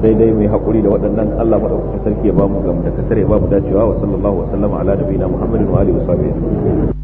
sai dai mai haƙuri da waɗannan Allah maɗaukakin sarki ya bamu gamu da kasar ya bamu dacewa wa sallallahu wa sallama ala nabiyina Muhammadin wa alihi wa sahbihi